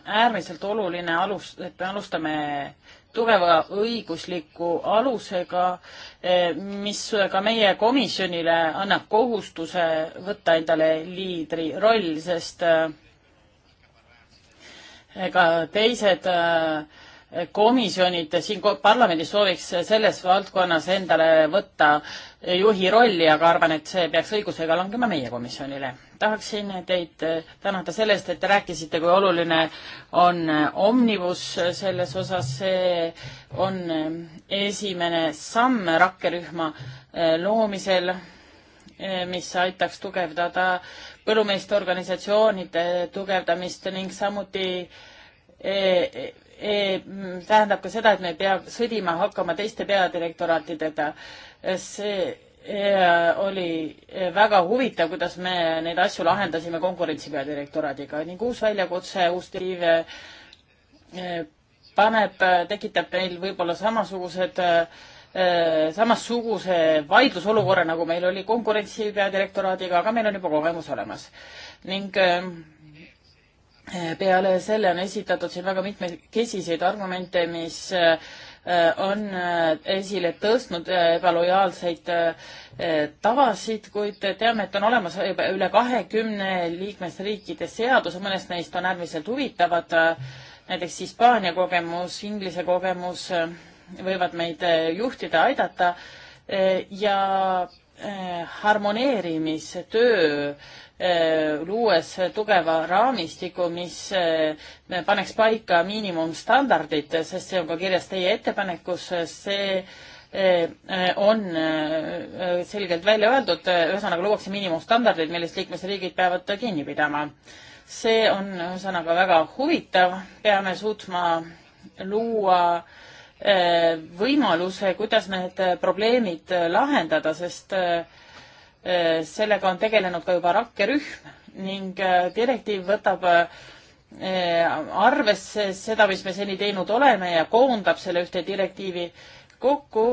äärmiselt oluline alus, et me alustame tugeva õigusliku alusega, eh, mis ka meie komisjonile annab kohustuse võtta endale liidri roll, sest eh, ega teised äh, komisjonid siin parlamendis sooviks selles valdkonnas endale võtta juhi rolli, aga arvan, et see peaks õigusega langema meie komisjonile. tahaksin teid tänada selle eest, et te rääkisite, kui oluline on Omnibus selles osas, see on esimene samm rakkerühma loomisel, mis aitaks tugevdada põllumeeste organisatsioonide tugevdamist ning samuti Eh, tähendab ka seda, et me ei pea sõdima hakkama teiste peadirektoraatidega. see eh, oli eh, väga huvitav, kuidas me neid asju lahendasime konkurentsi peadirektoraadiga ning uus väljakutse, uus tiive paneb, tekitab meil võib-olla samasugused, samasuguse vaidlusolukorra, nagu meil oli konkurentsi peadirektoraadiga, aga meil on juba kogemus olemas. ning peale selle on esitatud siin väga mitmekesiseid argumente, mis äh, on äh, esile tõstnud äh, ebalojaalseid tavasid, kuid teame, et on olemas juba üle kahekümne liikmesriikide seaduse, mõnest neist on äärmiselt huvitavad, näiteks Hispaania kogemus, Inglise kogemus võivad meid juhtida, aidata ja Eh, harmoneerimistöö, eh, luues tugeva raamistiku, mis eh, paneks paika miinimumstandardid, sest see on ka kirjas teie ettepanekus, see on selgelt välja öeldud, ühesõnaga luuakse miinimumstandardid, millest liikmesriigid peavad kinni pidama. see on ühesõnaga väga huvitav, peame suutma luua äh, Äh, võimaluse, kuidas need probleemid lahendada, sest äh, äh, sellega on tegelenud ka juba rakkerühm ning direktiiv võtab arvesse seda, mis me seni teinud oleme ja koondab selle ühte direktiivi kokku,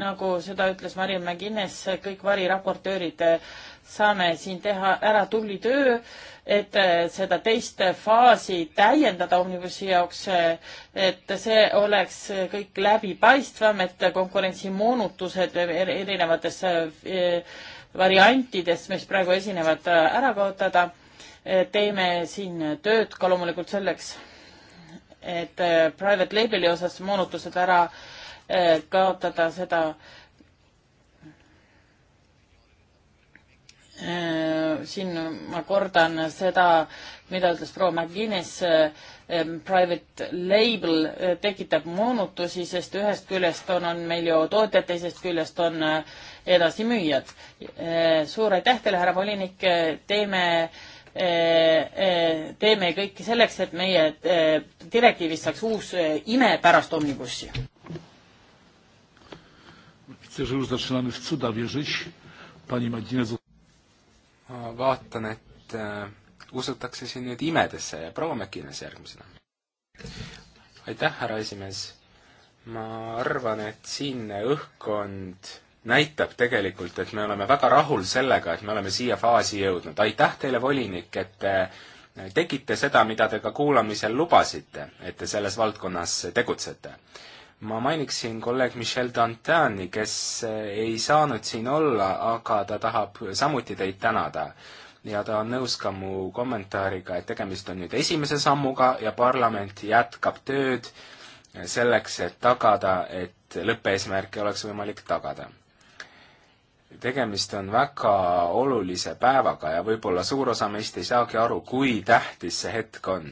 nagu seda ütles Marin McGuinness, kõik variraportöörid saame siin teha ära tubli töö, et äh, seda teist faasi täiendada omnibussi jaoks, äh, et see oleks kõik läbipaistvam, et konkurentsimoonutused erinevates äh, variantides, mis praegu esinevad, ära kaotada. teeme siin tööd ka loomulikult selleks, et private label'i osas moonutused ära kaotada, seda äh, Äh, siin ma kordan seda, mida ütles proua McGuinness, äh, ähm, private label äh, tekitab moonutusi, sest ühest küljest on, on meil ju tootjad, teisest küljest on edasimüüjad. suur aitäh teile, härra volinik, teeme teeme kõik selleks, et meie direktiivist saaks uus ime pärast omnibussi. Widzę, że już zaczynamy w cuda wierzyć. Pani Madinez ma vaatan, et äh, usutakse siin nüüd imedesse ja proua Mäkines järgmisena. aitäh, härra esimees. ma arvan, et siinne õhkkond näitab tegelikult, et me oleme väga rahul sellega, et me oleme siia faasi jõudnud. aitäh teile, volinik, et te tegite seda, mida te ka kuulamisel lubasite, et te selles valdkonnas tegutsete ma mainiksin kolleeg Michel Dantani, kes eh, ei saanud siin olla, aga ta tahab samuti teid tänada. ja ta on nõus ka mu kommentaariga, et tegemist on nüüd esimese sammuga ja parlament jätkab tööd eh, selleks, et tagada, et lõppeesmärke oleks võimalik tagada tegemist on väga olulise päevaga ja võib-olla suur osa meist ei saagi aru, kui tähtis see hetk on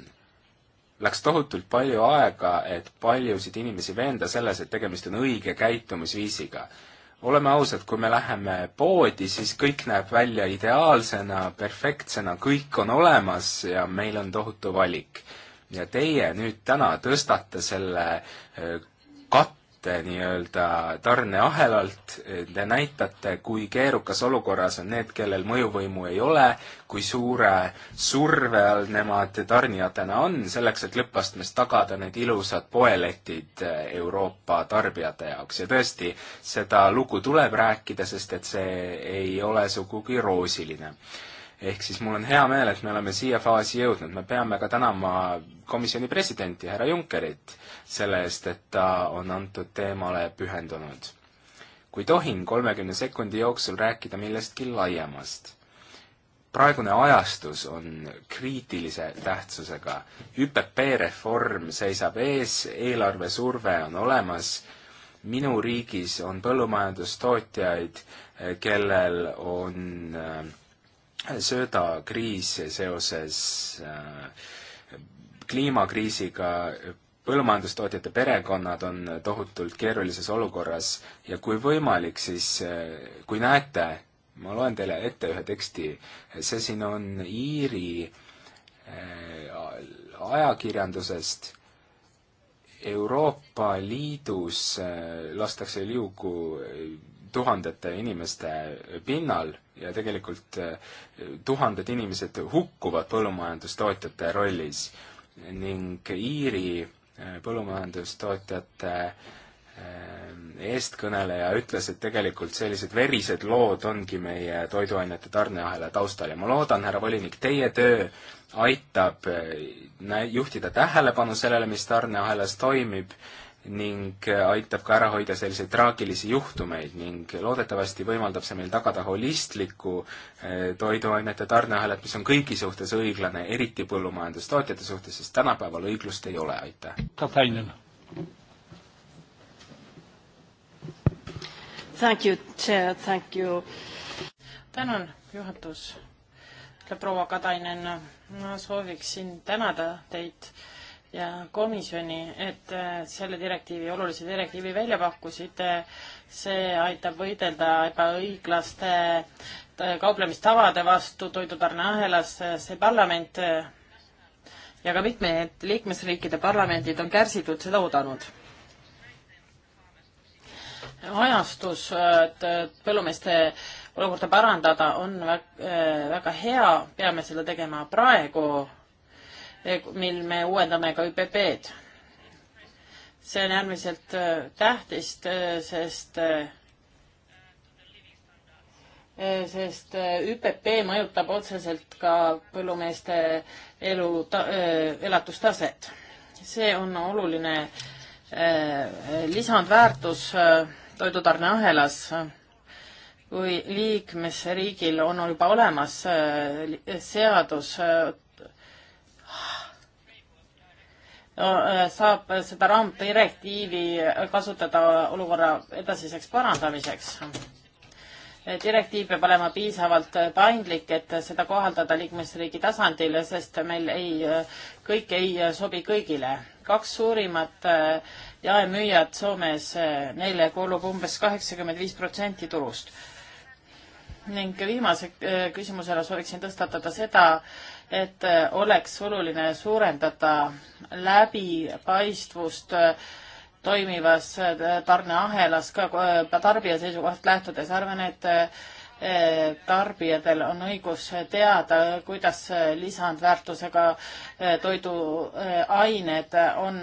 läks tohutult palju aega, et paljusid inimesi veenda selles, et tegemist on õige käitumisviisiga. oleme ausad, kui me läheme poodi, siis kõik näeb välja ideaalsena, perfektsena, kõik on olemas ja meil on tohutu valik. ja teie nüüd täna tõstate selle eh, kat-, võtate nii-öelda tarneahelalt, te näitate, kui keerukas olukorras on need, kellel mõjuvõimu ei ole, kui suure surve all nemad tarnijatena on, selleks et lõppastmes tagada need ilusad poeletid eh, Euroopa tarbijate jaoks. ja tõesti, seda lugu tuleb rääkida, sest et see ei ole sugugi roosiline ehk siis mul on hea meel, et me oleme siia faasi jõudnud, me peame ka tänama komisjoni presidenti, härra Junckerit, selle eest, et ta on antud teemale pühendunud. kui tohin kolmekümne sekundi jooksul rääkida millestki laiemast. praegune ajastus on kriitilise tähtsusega. ÜPP reform seisab ees, eelarvesurve on olemas, minu riigis on põllumajandustootjaid, eh, kellel on äh, sõdakriis seoses äh, kliimakriisiga, põllumajandustootjate perekonnad on tohutult keerulises olukorras ja kui võimalik, siis äh, kui näete, ma loen teile ette ühe teksti, see siin on Iiri äh, ajakirjandusest Euroopa Liidus lastakse liugu tuhandete inimeste pinnal ja tegelikult eh, tuhanded inimesed hukkuvad põllumajandustootjate rollis ning Iiri eh, põllumajandustootjate eh, eestkõneleja ütles, et tegelikult sellised verised lood ongi meie toiduainete tarneahela taustal ja ma loodan, härra volinik, teie töö aitab juhtida tähelepanu sellele, mis tarneahelas toimib ning aitab ka ära hoida selliseid traagilisi juhtumeid ning loodetavasti võimaldab see meil tagada holistliku eh, toiduainete tarneahelat, mis on kõigi suhtes õiglane, eriti põllumajandustootjate suhtes, sest tänapäeval õiglust ei ole, aitäh. Katainen. Thank you, chair, thank you. tänan, juhatus. proua Katainen, ma sooviksin tänada teid ja komisjoni, et äh, selle direktiivi, olulise direktiivi välja pakkusite. Äh, see aitab võidelda ebaõiglaste äh, kauplemistavade vastu toidutarneahelas. see parlament ja ka mitmed liikmesriikide parlamendid on kärsitud seda oodanud. ajastus, et põllumeeste olukorda parandada on väga hea, peame seda tegema praegu mil me uuendame ka ÜPP-d. see on äärmiselt äh, tähtis, äh, sest äh, sest ÜPP mõjutab otseselt ka põllumeeste elu, elatustaset. see on oluline lisandväärtus toidutarneahelas, kui liikmesriigil on juba olemas seadus Äh, saab seda raamdirektiivi kasutada olukorra edasiseks parandamiseks. direktiiv peab olema piisavalt paindlik, et seda kohaldada liikmesriigi tasandil, sest meil ei, kõik ei sobi kõigile. kaks suurimat äh, jaemüüjad Soomes, äh, neile kuulub umbes kaheksakümmend viis protsenti turust ning viimase küsimusena sooviksin tõstatada seda, et äh, oleks oluline suurendada läbipaistvust äh, toimivas äh, tarneahelas ka tarbija seisukohast lähtudes. arvan, et tarbijatel on õigus teada, kuidas lisandväärtusega toiduained on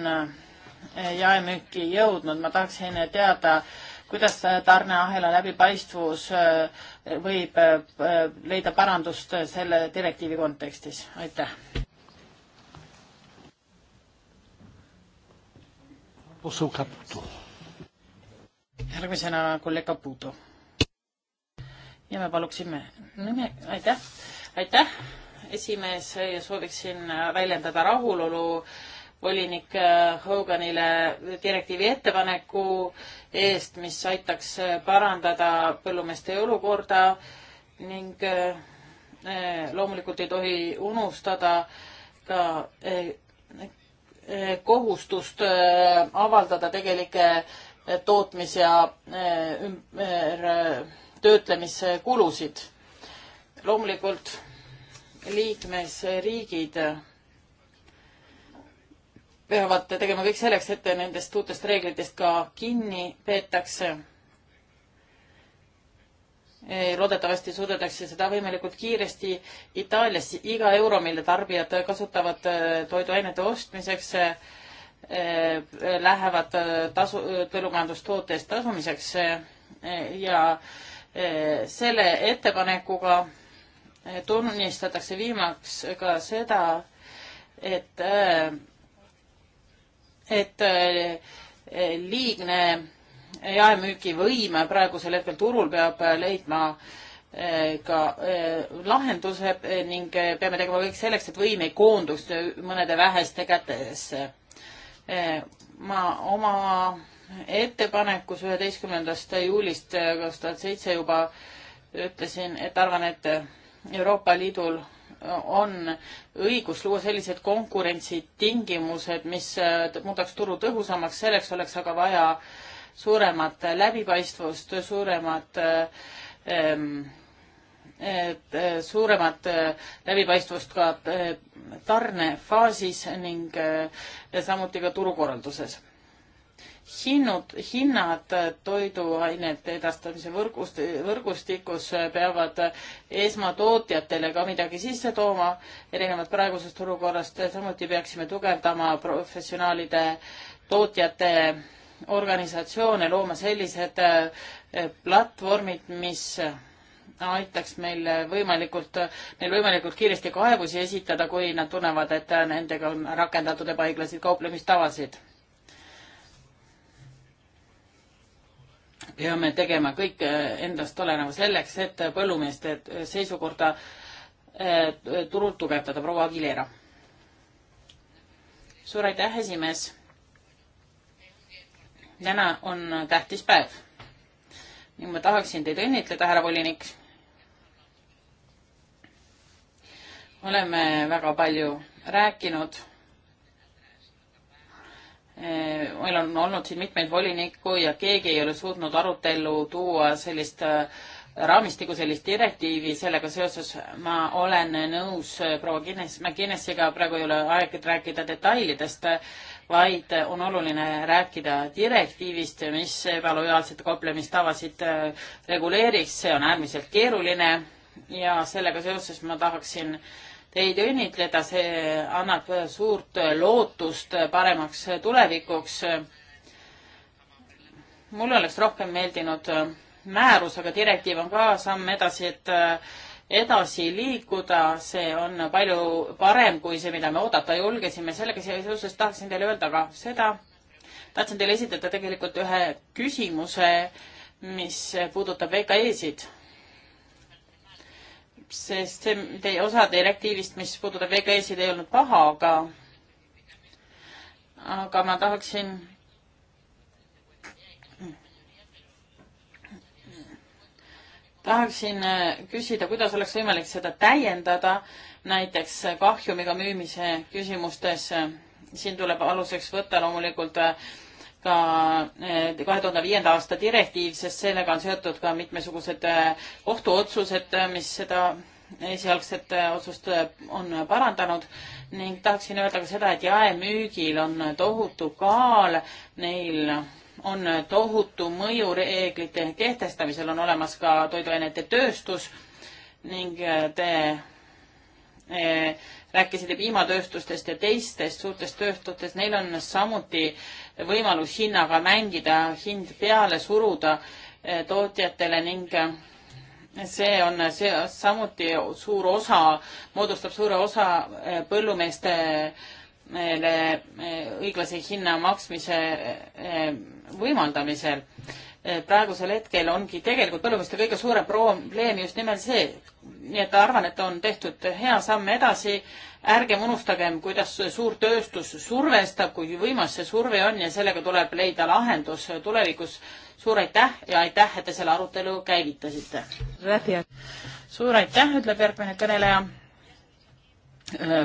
jaemüüki jõudnud. ma tahaksin teada, kuidas tarneahela läbipaistvus äh, võib äh, leida parandust selle direktiivi kontekstis, aitäh. järgmisena kolleeg Caputo. ja me paluksime nime, aitäh, aitäh, esimees ja sooviksin väljendada rahulolu äh, volinik äh, Hoganile direktiivi ettepaneku eest, mis aitaks äh, parandada põllumeeste olukorda ning äh, loomulikult ei tohi unustada ka kohustust avaldada tegelikke tootmis- ja töötlemiskulusid. loomulikult liikmesriigid peavad tegema kõik selleks, et nendest uutest reeglitest ka kinni peetakse. Eh, loodetavasti suudetakse seda võimalikult kiiresti. Itaalias iga euro, mille tarbijad kasutavad eh, toiduainete ostmiseks, eh, lähevad tasu, põllumajandustoote eest tasumiseks ja selle ettepanekuga tunnistatakse viimaks ka seda, et et äh, liigne jaemüügivõime praegusel hetkel turul peab äh, leidma äh, ka lahenduse ning peame tegema kõik selleks, et võim ei koonduks mõnede väheste kätesse. ma oma ettepanekus üheteistkümnendast juulist kaks tuhat seitse juba ütlesin, et arvan, et Euroopa Liidul on õigus luua sellised konkurentsitingimused, mis äh, muudaks turu tõhusamaks, selleks oleks aga vaja suuremat läbipaistvust, suuremat äh, ähm, et äh, suuremat läbipaistvust ka tarnefaasis ning samuti ka turukorralduses hinnud, hinnad toiduainete edastamise võrgust, võrgustikus peavad esmatootjatele ka midagi sisse tooma, erinevalt praegusest olukorrast, samuti peaksime tugevdama professionaalide, tootjate organisatsioone, looma sellised eh, platvormid, mis aitaks meil võimalikult, neil võimalikult kiiresti kaebusi esitada, kui nad tunnevad, et nendega on rakendatud ebaõiglaseid kauplemistavasid peame tegema kõik äh, endast oleneva selleks, et põllumeeste äh, seisukorda äh, turult tugevdada. proua Aguilera. suur aitäh, esimees. täna on tähtis päev ning ma tahaksin teid õnnitleda, härra volinik. oleme väga palju rääkinud Eh, meil on olnud siin mitmeid volinikku ja keegi ei ole suutnud arutellu tuua sellist eh, raamistiku, sellist direktiivi, sellega seoses ma olen nõus eh, proua Guinness, McGuinnessiga, praegu ei ole aeg, et rääkida detailidest, vaid on oluline rääkida direktiivist, mis ebalojaalsete kauplemistavasid reguleeriks, see on äärmiselt keeruline ja sellega seoses ma tahaksin äh, teid õnnitleda, see annab suurt lootust paremaks tulevikuks. mulle oleks rohkem meeldinud määrus, aga direktiiv on ka samm edasi, et edasi liikuda, see on palju parem kui see, mida me oodata julgesime. sellega seoses tahaksin teile öelda ka seda, tahtsin teile esitada tegelikult ühe küsimuse, mis puudutab VKE-sid sest see teie osa direktiivist, mis puudutab VKS-id, ei olnud paha, aga aga ma tahaksin tahaksin äh, küsida, kuidas oleks võimalik seda täiendada näiteks kahjumiga müümise küsimustes. siin tuleb aluseks võtta loomulikult äh, ka eh, kahe tuhande viienda aasta direktiiv, sest sellega on seotud ka mitmesugused eh, kohtuotsused, eh, mis seda esialgset otsust on parandanud ning tahaksin öelda ka seda, et jaemüügil on tohutu kaal, neil on tohutu mõju reeglite kehtestamisel, on olemas ka toiduainete tööstus ning te rääkisite piimatööstustest ja teistest suurtest tööstustest, neil on samuti äh, võimalus hinnaga mängida, hind peale suruda eh, tootjatele ning eh, see on see samuti suur osa, moodustab suure osa eh, põllumeestele õiglase hinna maksmise võimaldamisel praegusel hetkel ongi tegelikult põllumeeste kõige suurem probleem just nimelt see, nii et arvan, et on tehtud hea samm edasi. ärgem unustagem, kuidas suur tööstus survestab, kui võimas see surve on ja sellega tuleb leida lahendus tulevikus. suur aitäh ja aitäh, et te selle arutelu käivitasite. suur aitäh, ütleb järgmine kõneleja.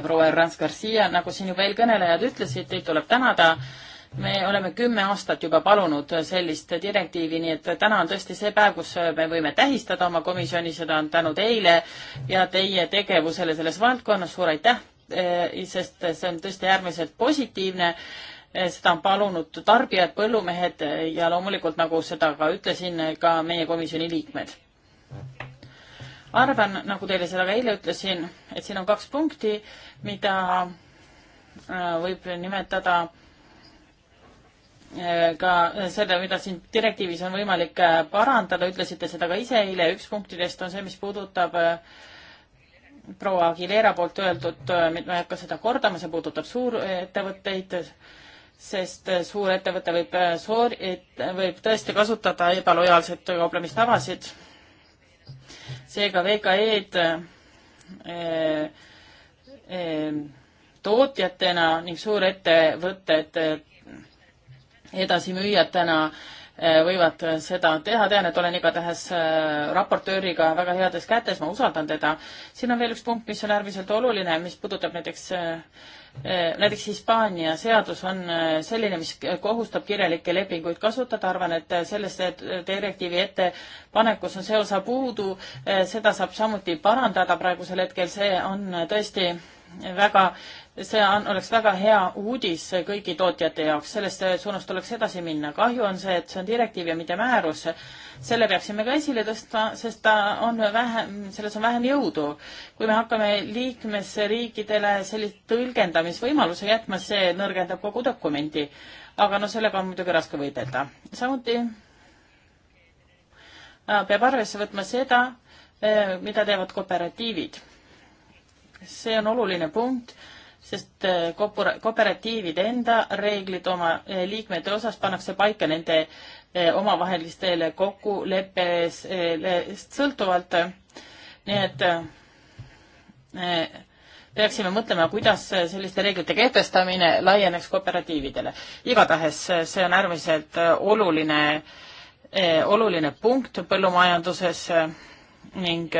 proua Errans Garcia, nagu siin juba eelkõnelejad ütlesid, teid tuleb tänada me oleme kümme aastat juba palunud sellist direktiivi, nii et täna on tõesti see päev, kus me võime tähistada oma komisjoni, seda on tänu teile ja teie tegevusele selles valdkonnas, suur aitäh, eh, sest see on tõesti äärmiselt positiivne. Eh, seda on palunud tarbijad, põllumehed ja loomulikult, nagu seda ka ütlesin, ka meie komisjoni liikmed. arvan, nagu teile seda ka eile ütlesin, et siin on kaks punkti, mida eh, võib nimetada äh, Äh, ka seda, mida siin direktiivis on võimalik äh, parandada, ütlesite seda ka ise eile, üks punktidest on see, mis puudutab äh, proua Aguilera poolt öeldud, ma ei hakka seda kordama, see puudutab suurettevõtteid, sest suurettevõte võib soor-, võib tõesti kasutada ebalojaalseid kauplemistavasid. seega VKE-d tootjatena ning suurettevõtted edasimüüjad täna äh, võivad seda teha, tean, et olen igatahes äh, raportööriga väga heades kätes, ma usaldan teda. siin on veel üks punkt, mis on äärmiselt oluline, mis puudutab näiteks, äh, näiteks Hispaania seadus on selline, mis kohustab kirjalikke lepinguid kasutada, arvan, et selles direktiivi ettepanekus on see osa puudu, seda saab samuti parandada praegusel hetkel, see on tõesti väga see on, oleks väga hea uudis kõigi tootjate jaoks, sellest suunas tuleks edasi minna. kahju on see, et see on direktiiv ja mitte määrus. selle peaksime ka esile tõstma, sest ta on vähem, selles on vähem jõudu. kui me hakkame liikmesriikidele sellist tõlgendamisvõimaluse jätma, see nõrgendab kogu dokumenti. aga no sellega on muidugi raske võidelda. samuti äh, peab arvesse võtma seda, äh, mida teevad kooperatiivid. see on oluline punkt sest äh, kooperatiivide enda reeglid oma äh, liikmete osas pannakse paika nende äh, omavahelistele kokkuleppest sõltuvalt. nii et peaksime mõtlema, kuidas selliste reeglite kehtestamine laieneks kooperatiividele. igatahes see on äärmiselt oluline, oluline punkt põllumajanduses ning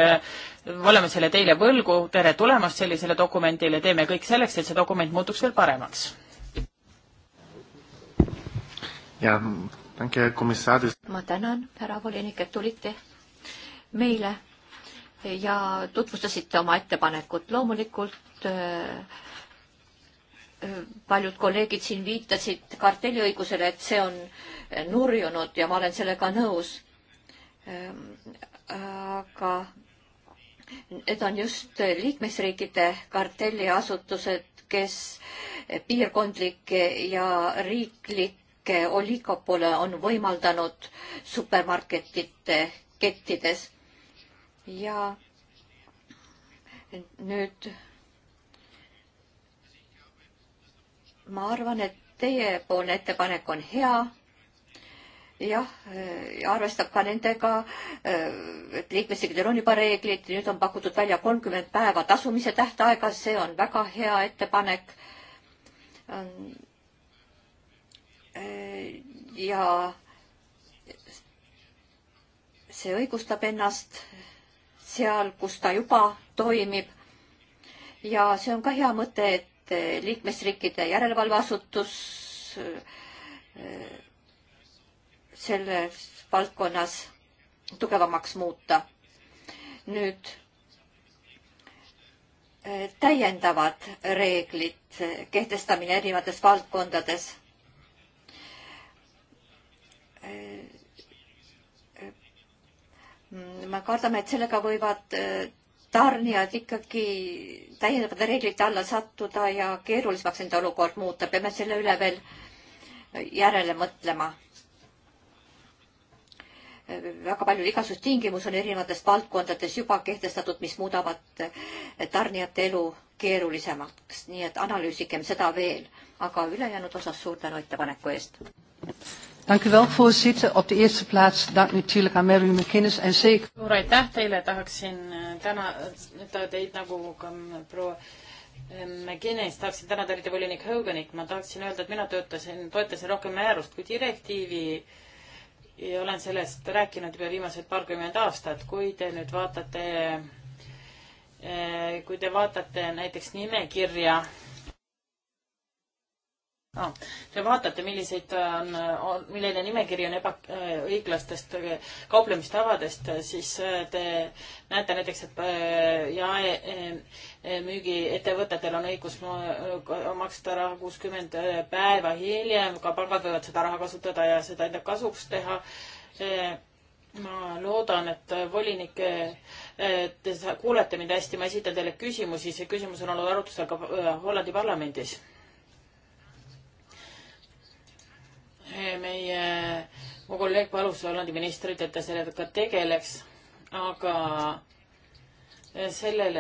oleme selle teile võlgu, tere tulemast sellisele dokumendile, teeme kõik selleks, et see dokument muutuks veel paremaks. ja tänke komissaris. ma tänan, härra volinik, et tulite meile ja tutvustasite oma ettepanekut. loomulikult äh, paljud kolleegid siin viitasid kartelliõigusele, et see on nurjunud ja ma olen sellega nõus. Äh, aga Need on just liikmesriikide kartelliasutused, kes piirkondlikke ja riiklikke oligopole on võimaldanud supermarketite kettides. ja nüüd ma arvan, et teiepoolne ettepanek on hea jah, arvestab ka nendega, et liikmesriikidel on juba reeglid, nüüd on pakutud välja kolmkümmend päeva tasumise tähtaega, see on väga hea ettepanek. Ähm, äh, ja see õigustab ennast seal, kus ta juba toimib. ja see on ka hea mõte, et liikmesriikide järelevalveasutus äh, selles valdkonnas tugevamaks muuta. nüüd eh, täiendavad reeglid, kehtestamine erinevates valdkondades. Eh, eh, mm, me kardame, et sellega võivad tarnijad ikkagi täiendavate reeglite alla sattuda ja keerulisemaks enda olukord muuta, peame selle üle veel järele mõtlema väga palju igasugust tingimusi on erinevates valdkondades juba kehtestatud, mis muudavad tarnijate elu keerulisemaks, nii et analüüsigem seda veel. aga ülejäänud osas suur tänu ettepaneku eest. Dank u wel, voorzitter. Op de eerste plaats dank natuurlijk aan Mary McInnes en zeker... Suur aitäh teile, tahaksin eh, täna, teid nagu ka mm, proua eh, McGinnis tahaksin tänada eriti volinik Hoganit, ma tahaksin öelda, et mina töötasin, toetasin rohkem määrust kui direktiivi äh, ja olen sellest rääkinud juba viimased paarkümmend aastat, kui te nüüd vaatate, eh, kui te vaatate näiteks nimekirja no,. Te vaatate, millised äh, on, on, milline nimekiri on ebaõiglastest äh, äh, kauplemistavadest, siis te näete näiteks, et jaemüügiettevõtetel on õigus maksta raha kuuskümmend päeva hiljem, ka pangad võivad seda raha kasutada ja seda enda kasuks teha. ma loodan, et volinik Te kuulete mind hästi, ma esitan teile küsimusi, see küsimus on olnud arutusel ka Hollandi parlamendis meie, mu kolleeg palus Hollandi ministrit, et ta sellega tegeleks, aga sellel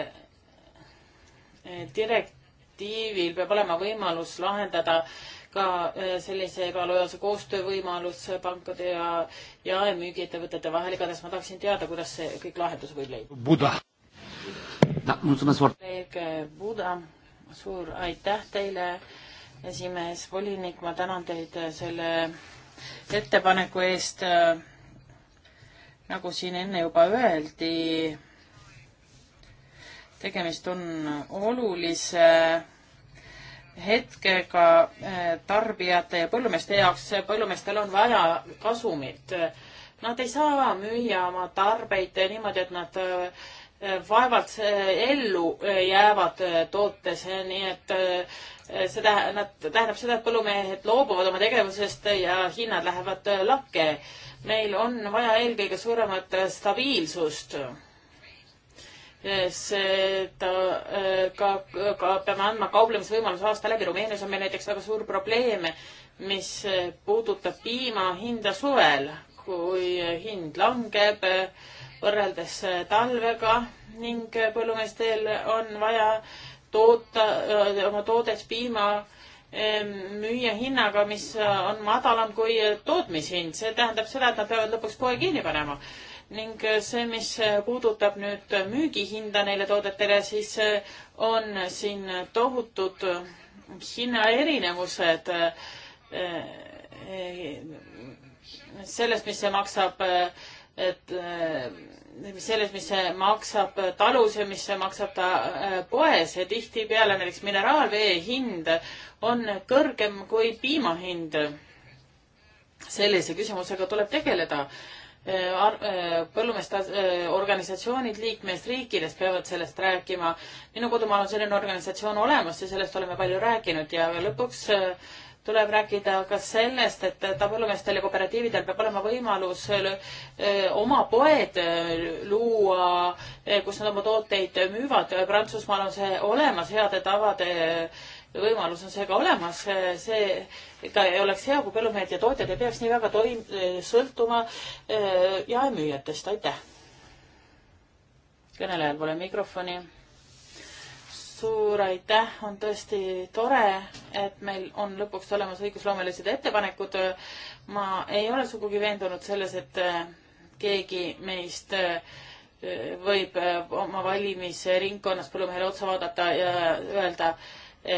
direktiivil peab olema võimalus lahendada ka äh, sellise ebalojaalse koostöö võimalus pankade ja jaemüügiettevõtete vahel, igatahes ma tahaksin teada, kuidas see kõik lahendus võib leida. Buda. kolleeg Buda, suur aitäh teile esimees, volinik, ma tänan teid selle ettepaneku eest. nagu siin enne juba öeldi, tegemist on olulise hetkega eh, tarbijate ja põllumeeste jaoks. põllumeestel on vaja kasumit. Nad ei saa müüa oma tarbeid niimoodi, et nad äh, vaevalt eh, ellu eh, jäävad eh, tootes, nii et see tähe-, nad, tähendab seda, et põllumehed loobuvad oma tegevusest ja hinnad lähevad lakke. meil on vaja eelkõige suuremat stabiilsust seda ka, ka peame andma kauplemisvõimaluse aasta läbi. Rumeenias on meil näiteks väga suur probleem, mis puudutab piima hinda suvel, kui hind langeb, võrreldes äh, talvega ning äh, põllumeestel on vaja toota äh, oma toodet piima ähm, müüa hinnaga, mis on madalam kui tootmishind. see tähendab seda, et nad peavad lõpuks poe kinni panema. ning see, mis puudutab nüüd müügihinda neile toodetele, siis on siin tohutud hinnaerinevused sellest, mis see maksab äh, et äh, selles, mis see maksab talus ja mis see maksab ta äh, poes ja tihtipeale näiteks mineraalvee hind on kõrgem kui piima hind. sellise küsimusega tuleb tegeleda. Äh, põllumeeste organisatsioonid liikmesriikides peavad sellest rääkima. minu kodumaal on selline organisatsioon olemas ja sellest oleme palju rääkinud ja lõpuks tuleb rääkida ka sellest, et põllumeestel ja kooperatiividel peab olema võimalus eh, oma poed eh, luua, eh, kus nad oma tooteid müüvad. Prantsusmaal on see olemas, heade tavade võimalus on seega olemas. see ikka oleks hea, kui põllumehed ja tootjad ei peaks nii väga toim-, sõltuma jaemüüjatest. aitäh! kõnelejal pole mikrofoni suur aitäh, on tõesti tore, et meil on lõpuks olemas õigusloomelised ettepanekud. ma ei ole sugugi veendunud selles, et äh, keegi meist äh, võib äh, oma valimisringkonnas põllumehele otsa vaadata ja öelda,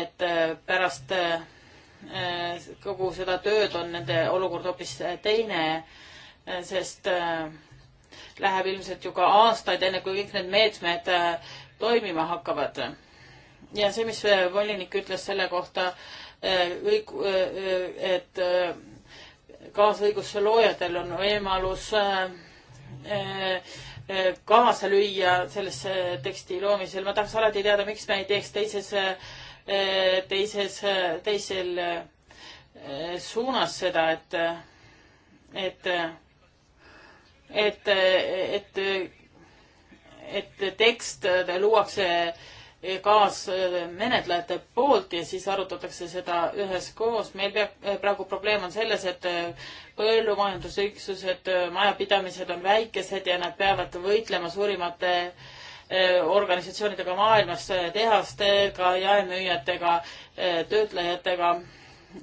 et pärast kogu seda tööd on nende olukord hoopis teine, sest läheb ilmselt ju ka aastaid, enne kui kõik need meetmed toimima hakkavad ja see, mis äh, volinik ütles selle kohta, äh, äh, et kaasõiguse loojatel on võimalus kaasa lüüa sellesse teksti loomisel. ma tahaks alati teada, miks me ei teeks teises, teises, teisel suunas seda, et, et, et, et, et tekst luuakse Eh, kaasmenetlejate poolt ja siis arutatakse seda üheskoos. meil peab, eh, praegu probleem on selles, et eh, põllumajandusüksused, majapidamised on väikesed ja nad peavad võitlema suurimate organisatsioonidega maailmas, tehastega, jaemüüjatega, töötlejatega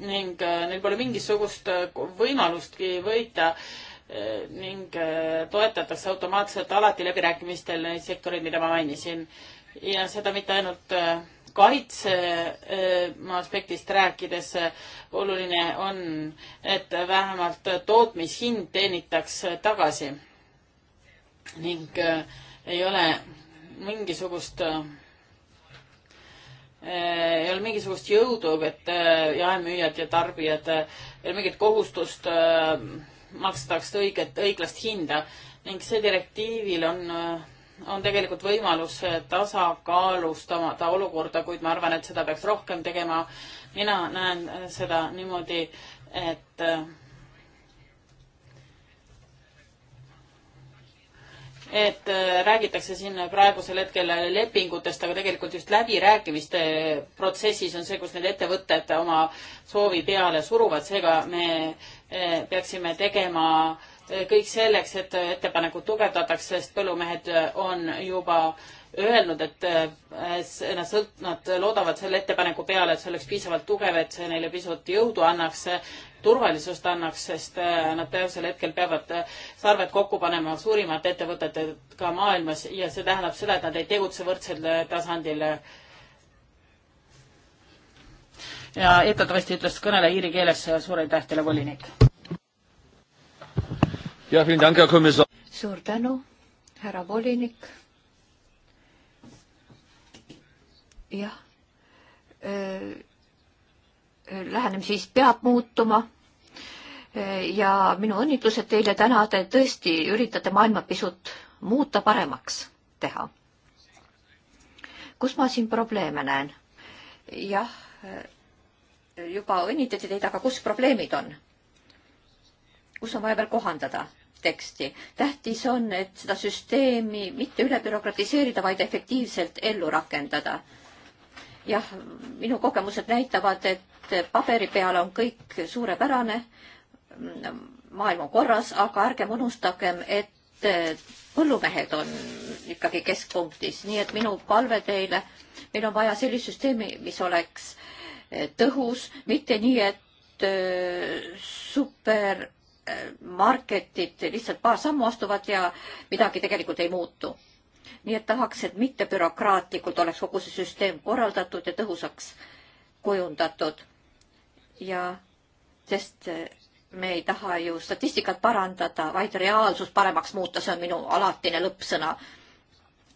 ning neil pole mingisugust võimalustki võita ning toetatakse automaatselt alati läbirääkimistel neid sektoreid, mida ma mainisin ja seda mitte ainult äh, kaitse äh, aspektist rääkides, äh, oluline on, et vähemalt tootmishind teenitaks tagasi. ning ei ole mingisugust, ei ole mingisugust jõudu, et jaemüüjad ja tarbijad, ei ole mingit kohustust maksta õiget, õiglast hinda ning see direktiivil on on tegelikult võimalus tasakaalustada olukorda, kuid ma arvan, et seda peaks rohkem tegema. mina näen seda niimoodi, et et äh, räägitakse siin praegusel hetkel lepingutest, aga tegelikult just läbirääkimiste protsessis on see, kus need ettevõtted oma soovi peale suruvad, seega me äh, peaksime tegema äh, kõik selleks, et ettepanekut tugevdataks, sest põllumehed äh, on juba öelnud, et äh, nad sõlt-, nad loodavad selle ettepaneku peale, et see oleks piisavalt tugev, et see neile pisut jõudu annaks, turvalisust annaks, sest äh, nad praegusel hetkel peavad sarved kokku panema suurimate ettevõtetega maailmas ja see tähendab seda, et nad ei tegutse võrdsel tasandil. ja eeldatavasti ütles kõneleja iiri keeles suur aitäh teile, volinik suur tänu, härra volinik. jah, äh, lähenemisviis peab muutuma äh, ja minu õnnitlused teile täna, te tõesti üritate maailma pisut muuta paremaks teha. kus ma siin probleeme näen? jah, äh, juba õnnitleti teid, aga kus probleemid on? kus on vaja veel kohandada? teksti. tähtis on, et seda süsteemi mitte üle bürokratiseerida, vaid efektiivselt ellu rakendada. jah, minu kogemused näitavad, et paberi peal on kõik suurepärane, maailm on korras, aga ärgem unustagem, et põllumehed on ikkagi keskpunktis, nii et minu palve teile, meil on vaja sellist süsteemi, mis oleks tõhus, mitte nii, et äh, super marketid lihtsalt paar sammu astuvad ja midagi tegelikult ei muutu. nii et tahaks, et mitte bürokraatlikult oleks kogu see süsteem korraldatud ja tõhusaks kujundatud. ja sest me ei taha ju statistikat parandada, vaid reaalsust paremaks muuta, see on minu alatine lõppsõna.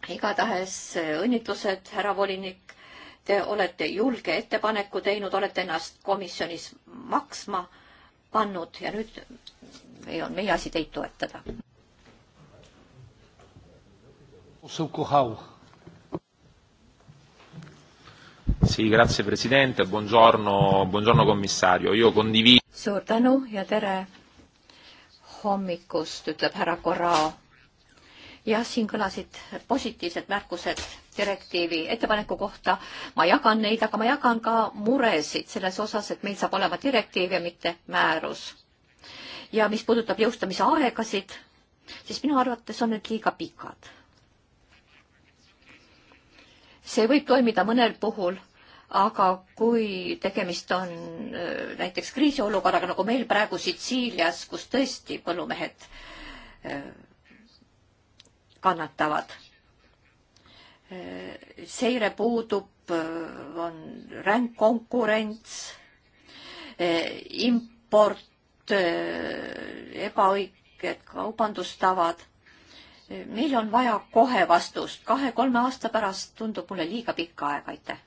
igatahes õnnitlused, härra volinik, te olete julge ettepaneku teinud, olete ennast komisjonis maksma pannud ja nüüd ei on meie asi teid toetada. Sì, grazie Presidente, buongiorno, buongiorno commissario. Io condivido. Suur tänu ja tere hommikust, ütleb härra Korrao. jah, siin kõlasid positiivsed märkused direktiivi ettepaneku kohta. ma jagan neid, aga ma jagan ka muresid selles osas, et meil saab olema direktiiv ja mitte määrus. ja mis puudutab jõustamise aegasid, siis minu arvates on need liiga pikad. see võib toimida mõnel puhul, aga kui tegemist on äh, näiteks kriisiolukorraga, nagu meil praegu Sitsiilias, kus tõesti põllumehed äh, kannatavad seire puudub, on ränk konkurents, import, ebaõiged kaubandustavad. meil on vaja kohe vastust, kahe-kolme aasta pärast tundub mulle liiga pikk aeg, aitäh.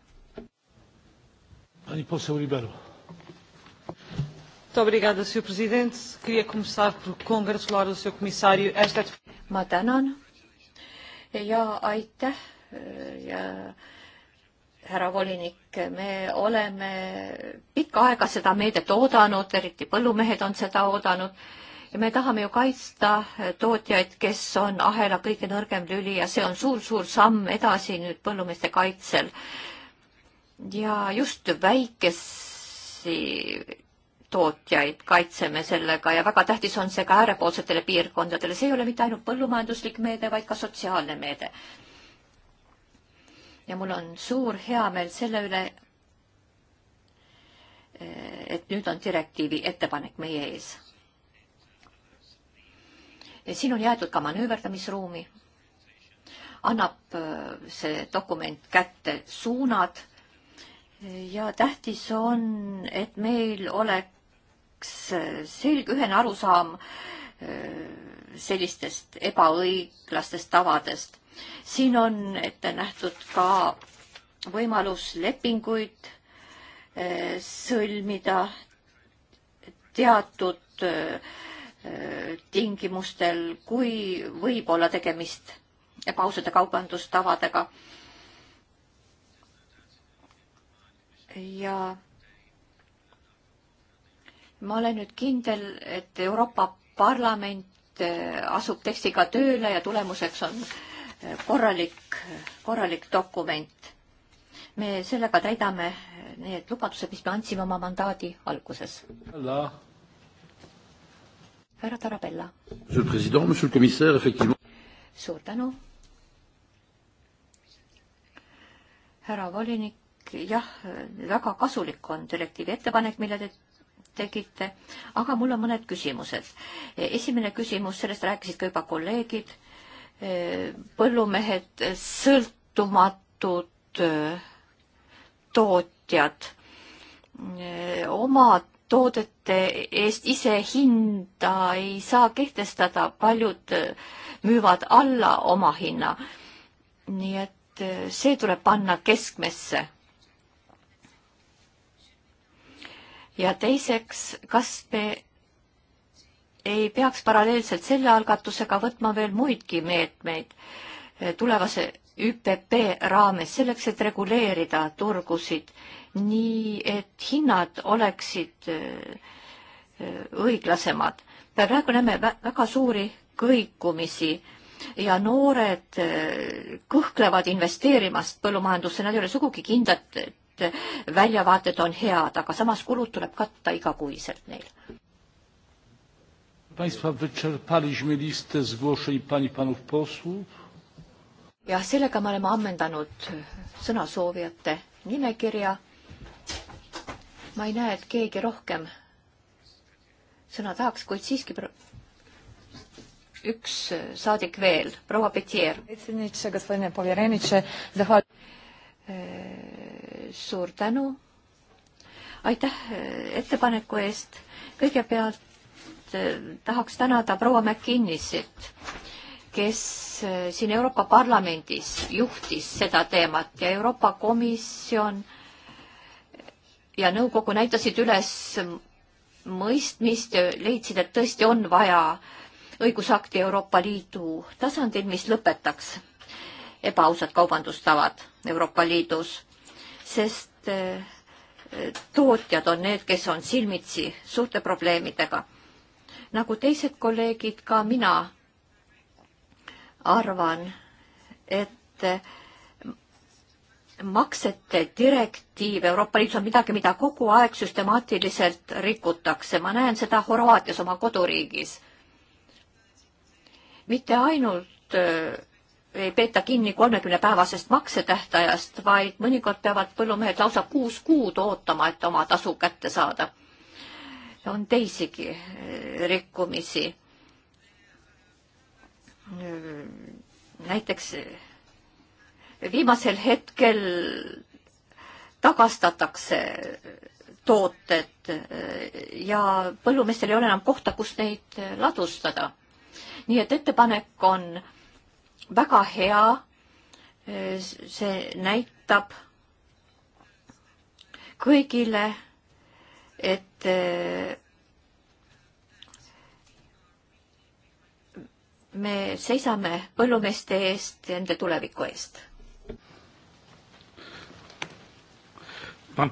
ma tänan ja aitäh ja härra volinik, me oleme pikka aega seda meedet oodanud, eriti põllumehed on seda oodanud ja me tahame ju kaitsta tootjaid, kes on ahela kõige nõrgem lüli ja see on suur-suur samm edasi nüüd põllumeeste kaitsel. ja just väikesi tootjaid kaitseme sellega ja väga tähtis on see ka äärepoolsetele piirkondadele, see ei ole mitte ainult põllumajanduslik meede, vaid ka sotsiaalne meede ja mul on suur heameel selle üle, et nüüd on direktiivi ettepanek meie ees. siin on jäetud ka manööverdamisruumi. annab äh, see dokument kätte suunad ja tähtis on, et meil oleks äh, selge ühene arusaam äh, sellistest ebaõiglastest tavadest siin on ette nähtud ka võimalus lepinguid eh, sõlmida teatud eh, tingimustel, kui võib olla tegemist ebaausate kaubandustavadega. ja ma olen nüüd kindel, et Euroopa Parlament eh, asub tekstiga tööle ja tulemuseks on äh, korralik, korralik dokument. me sellega täidame need lubadused, mis me andsime oma mandaadi alguses. härra Tarabella. suur tänu. härra volinik, jah, väga kasulik on direktiivi ettepanek, mille te tegite, aga mul on mõned küsimused. esimene küsimus, sellest rääkisid ka juba kolleegid põllumehed sõltumatud äh, tootjad äh, oma toodete eest ise hinda ei saa kehtestada, paljud äh, müüvad alla oma hinna. nii et see tuleb panna keskmesse. ja teiseks, kas me ei peaks paralleelselt selle algatusega võtma veel muidki meetmeid eh, tulevase ÜPP raames selleks, et reguleerida turgusid nii, et hinnad oleksid eh, õiglasemad. praegu näeme väga suuri kõikumisi ja noored eh, kõhklevad investeerimast põllumajandusse, nad ei ole sugugi kindlad, et väljavaated on head, aga samas kulud tuleb katta igakuiselt neil Państwa wyczerpaliśmy listę zgłoszeń pani panów posłów. jah, sellega me oleme ammendanud sõnasoovijate nimekirja. ma ei näe, et keegi rohkem sõna tahaks, kuid siiski üks saadik veel, proua Petier. suur tänu. aitäh eh, ettepaneku eest. kõigepealt Eh, tahaks tänada proua McKinnisit, kes eh, siin Euroopa Parlamendis juhtis seda teemat ja Euroopa Komisjon ja nõukogu näitasid üles mõistmist ja leidsid, et tõesti on vaja õigusakti Euroopa Liidu tasandil, mis lõpetaks ebaausad kaubandustavad Euroopa Liidus, sest eh, tootjad on need, kes on silmitsi suurte probleemidega nagu teised kolleegid, ka mina arvan, et maksete direktiiv Euroopa Liidus on midagi, mida kogu aeg süstemaatiliselt rikutakse. ma näen seda Horvaatias oma koduriigis. mitte ainult äh, ei peeta kinni kolmekümnepäevasest maksetähtajast, vaid mõnikord peavad põllumehed lausa kuus kuud ootama, et oma tasu kätte saada on teisigi eh, rikkumisi. näiteks eh, viimasel hetkel tagastatakse tooted eh, ja põllumeestel ei ole enam kohta, kus neid ladustada. nii et ettepanek on väga hea. see näitab kõigile et eh, me seisame põllumeeste eest ja nende tuleviku eest. Eh,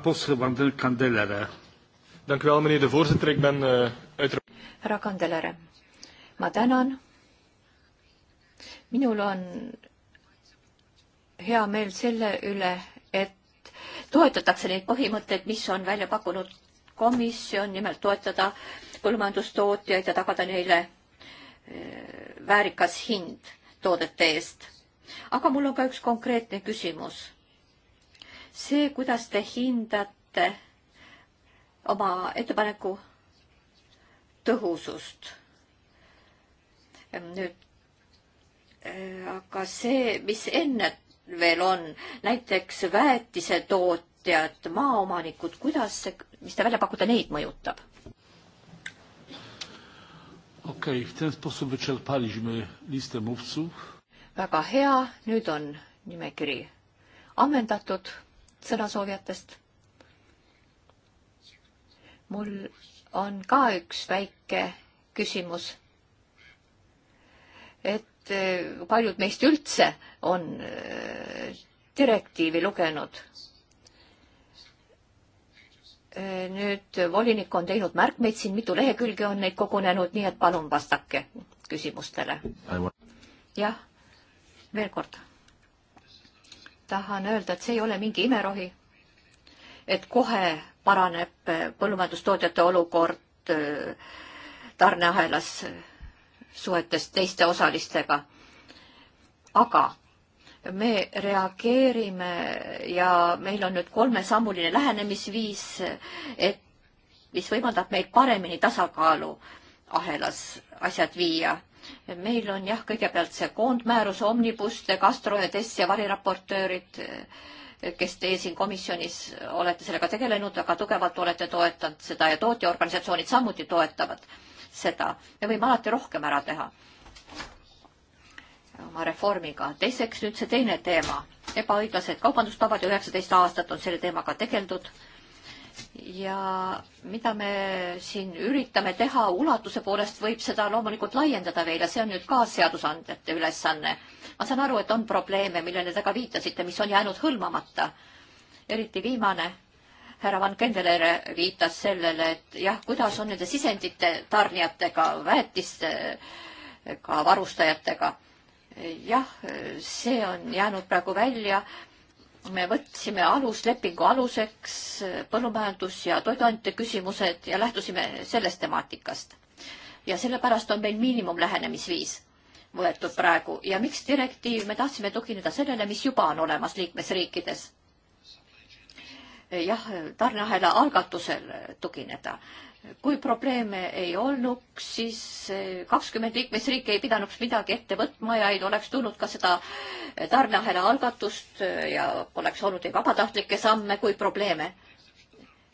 härra Kandelere, ma tänan. minul on hea meel selle üle, et toetatakse neid põhimõtteid, mis on välja pakkunud komisjon, nimelt toetada põllumajandustootjaid ja tagada neile eh, väärikas hind toodete eest. aga mul on ka üks konkreetne küsimus. see, kuidas te hindate oma ettepaneku tõhusust. nüüd eh, aga see, mis enne veel on, näiteks väetisetootjad, maaomanikud, kuidas see mis te välja pakute, neid mõjutab? okei okay,, w ten sposób wyczerpaliśmy listę mówców. väga hea, nüüd on nimekiri ammendatud sõnasoovijatest. mul on ka üks väike küsimus. et eh, paljud meist üldse on eh, direktiivi lugenud nüüd volinik on teinud märkmeid siin, mitu lehekülge on neid kogunenud, nii et palun vastake küsimustele. jah, veel kord. tahan öelda, et see ei ole mingi imerohi, et kohe paraneb äh, põllumajandustootjate olukord äh, tarneahelas äh, suhetes teiste osalistega. aga me reageerime ja meil on nüüd kolmesammuline lähenemisviis, et mis võimaldab meil paremini tasakaalu ahelas asjad viia. meil on jah, kõigepealt see koondmäärus Omnibus, De Castro ja Tess ja variraportöörid, kes teie siin komisjonis olete sellega tegelenud, väga tugevalt olete toetanud seda ja tootjaorganisatsioonid samuti toetavad seda. me võime alati rohkem ära teha oma reformiga. teiseks nüüd see teine teema, ebaõiglased kaubandustavad ja üheksateist aastat on selle teemaga tegeldud. ja mida me siin üritame teha ulatuse poolest, võib seda loomulikult laiendada veel ja see on nüüd ka seadusandjate ülesanne. ma saan aru, et on probleeme, millele te ka viitasite, mis on jäänud hõlmamata. eriti viimane, härra Van Kendelere viitas sellele, et jah, kuidas on nende sisendite tarnijatega, väetistega, varustajatega jah, see on jäänud praegu välja. me võtsime aluslepingu aluseks põllumajandus ja toiduainete küsimused ja lähtusime sellest temaatikast. ja sellepärast on meil miinimumlähenemisviis võetud praegu ja miks direktiiv, me tahtsime tugineda sellele, mis juba on olemas liikmesriikides. jah, tarneahela algatusel tugineda kui probleeme ei olnuks, siis eh, kakskümmend liikmesriiki ei pidanuks midagi ette võtma ja ei oleks tulnud ka seda eh, tarneahela algatust eh, ja poleks olnud ei vabatahtlikke samme kui probleeme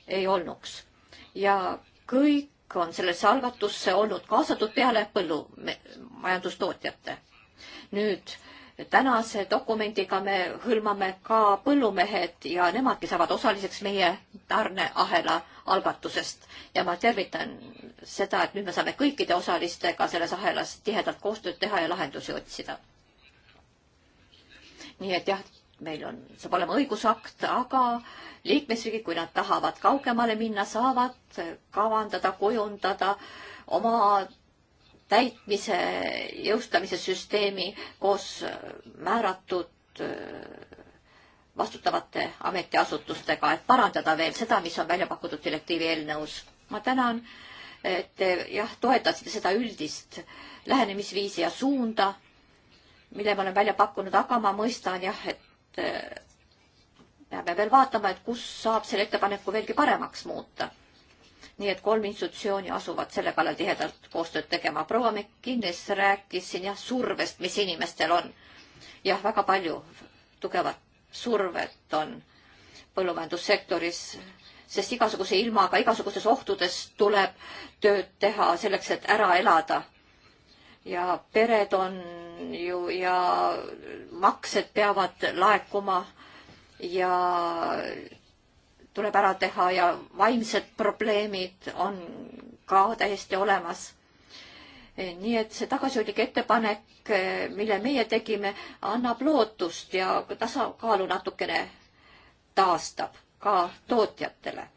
ei olnuks. ja kõik on sellesse algatusse olnud kaasatud peale põllumajandustootjate. nüüd tänase dokumendiga me hõlmame ka põllumehed ja nemadki saavad osaliseks meie tarneahela algatusest ja ma tervitan seda, et nüüd me saame kõikide osalistega selles ahelas tihedalt koostööd teha ja lahendusi otsida. nii et jah, meil on, saab olema õigusakt, aga liikmesriigid, kui nad tahavad kaugemale minna, saavad kavandada, kujundada oma täitmise jõustamise süsteemi koos äh, määratud äh, vastutavate ametiasutustega, et parandada veel seda, mis on välja pakutud direktiivi eelnõus. ma tänan, et te jah, toetasite seda üldist lähenemisviisi ja suunda, mille ma olen välja pakkunud, aga ma mõistan jah, et äh, peame veel vaatama, et kus saab selle ettepaneku veelgi paremaks muuta nii et kolm institutsiooni asuvad selle kallal tihedalt koostööd tegema. proua McKinnis rääkis siin jah survest, mis inimestel on. jah, väga palju tugevat survet on põllumajandussektoris, sest igasuguse ilmaga, igasugustes ohtudes tuleb tööd teha selleks, et ära elada. ja pered on ju ja maksed peavad laekuma ja tuleb ära teha ja vaimsed probleemid on ka täiesti olemas. nii et see tagasihoidlik ettepanek, eh, mille meie tegime, annab lootust ja tasakaalu natukene taastab ka tootjatele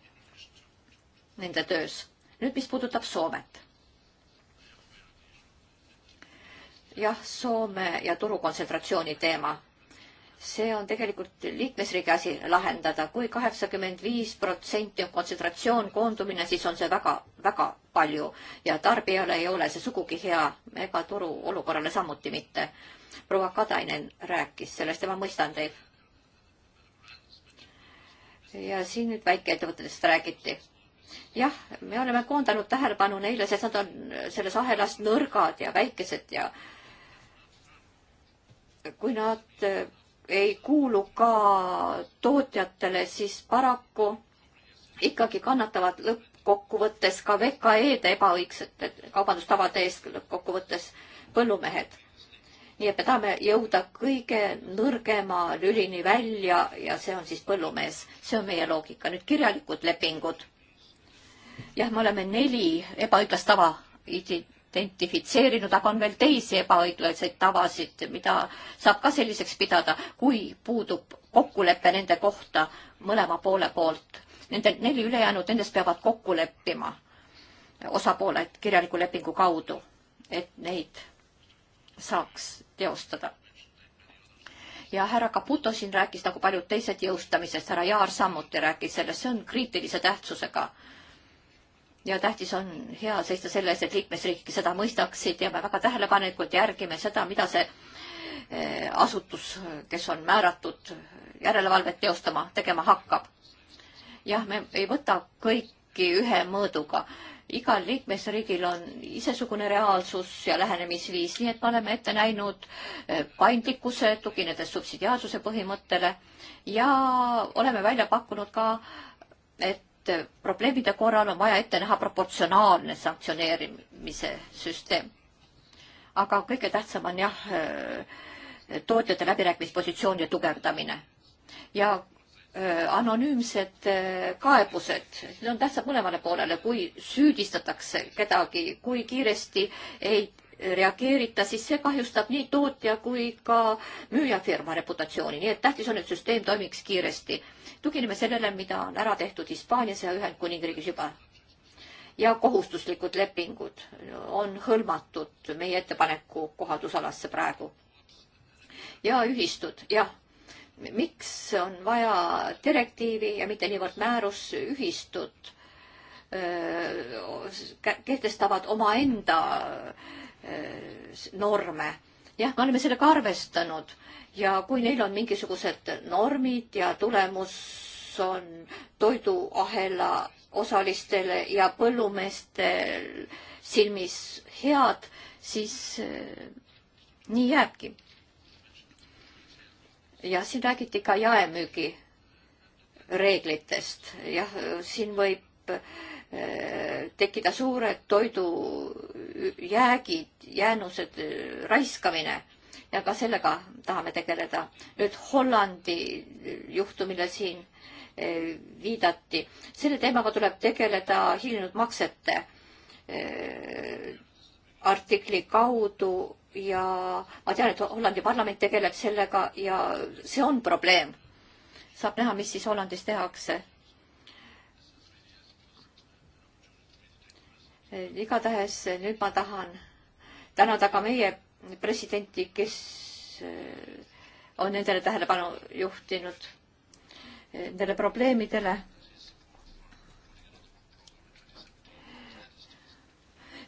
nende töös. nüüd, mis puudutab Soomet. jah, Soome ja turukontsentratsiooni teema see on tegelikult liikmesriigi asi lahendada kui. kui kaheksakümmend viis protsenti on kontsentratsioon, koondumine, siis on see väga, väga palju ja tarbijale ei ole see sugugi hea ega turu olukorrale samuti mitte. proua Kadainen rääkis sellest ja ma mõistan teid. ja siin nüüd väikeettevõtetest räägiti jah, me oleme koondanud tähelepanu neile, sest nad on selles ahelas nõrgad ja väikesed ja kui nad ei kuulu ka tootjatele, siis paraku ikkagi kannatavad lõppkokkuvõttes ka VKE-de ebaõigsete kaubandustavade eest lõppkokkuvõttes põllumehed. nii et me tahame jõuda kõige nõrgema lülini välja ja see on siis põllumees. see on meie loogika. nüüd kirjalikud lepingud. jah, me oleme neli ebaõiglast tava identifitseerinud, aga on veel teisi ebaõiglaseid tavasid, mida saab ka selliseks pidada, kui puudub kokkulepe nende kohta mõlema poole poolt. Nende neli ülejäänut, nendest peavad kokku leppima osapooled kirjaliku lepingu kaudu, et neid saaks teostada ja härra Caputo siin rääkis nagu paljud teised jõustamisest, härra Jaar samuti rääkis sellest, see on kriitilise tähtsusega ja tähtis on hea seista selle eest, et liikmesriigid seda mõistaksid ja me väga tähelepanelikult järgime seda, mida see eh, asutus, kes on määratud järelevalvet teostama, tegema hakkab. jah, me ei võta kõiki ühe mõõduga. igal liikmesriigil on isesugune reaalsus ja lähenemisviis, nii et me oleme ette näinud eh, paindlikkuse, tuginedes subsidiaarsuse põhimõttele ja oleme välja pakkunud ka, et et probleemide korral on vaja ette näha proportsionaalne sanktsioneerimise süsteem. aga kõige tähtsam on jah, äh, tootjate läbirääkimispositsioonide tugevdamine ja äh, anonüümsed äh, kaebused, need on tähtsad mõlemale poolele, kui süüdistatakse kedagi, kui kiiresti ei reageerita, siis see kahjustab nii tootja kui ka müüjafirma reputatsiooni, nii et tähtis on, et süsteem toimiks kiiresti. tugineme sellele, mida on ära tehtud Hispaanias ja Ühendkuningriigis juba. ja kohustuslikud lepingud on hõlmatud meie ettepaneku kohaldusalasse praegu. ja ühistud, jah miks on vaja direktiivi ja mitte niivõrd määrus, ühistud kehtestavad omaenda norme. jah, me oleme sellega arvestanud ja kui neil on mingisugused normid ja tulemus on toiduahela osalistele ja põllumeestel silmis head, siis eh, nii jääbki. ja siin räägiti ka jaemüügi reeglitest. jah, siin võib tekkida suured toidujäägid, jäänused, raiskamine ja ka sellega tahame tegeleda. nüüd Hollandi juhtumile siin eh, viidati. selle teemaga tuleb tegeleda hilinenud maksete eh, artikli kaudu ja ma tean, et Hollandi parlament tegeleb sellega ja see on probleem. saab näha, mis siis Hollandis tehakse igatahes eh, nüüd ma tahan tänada ka meie presidenti, kes eh, on nendele tähelepanu juhtinud, eh, nendele probleemidele.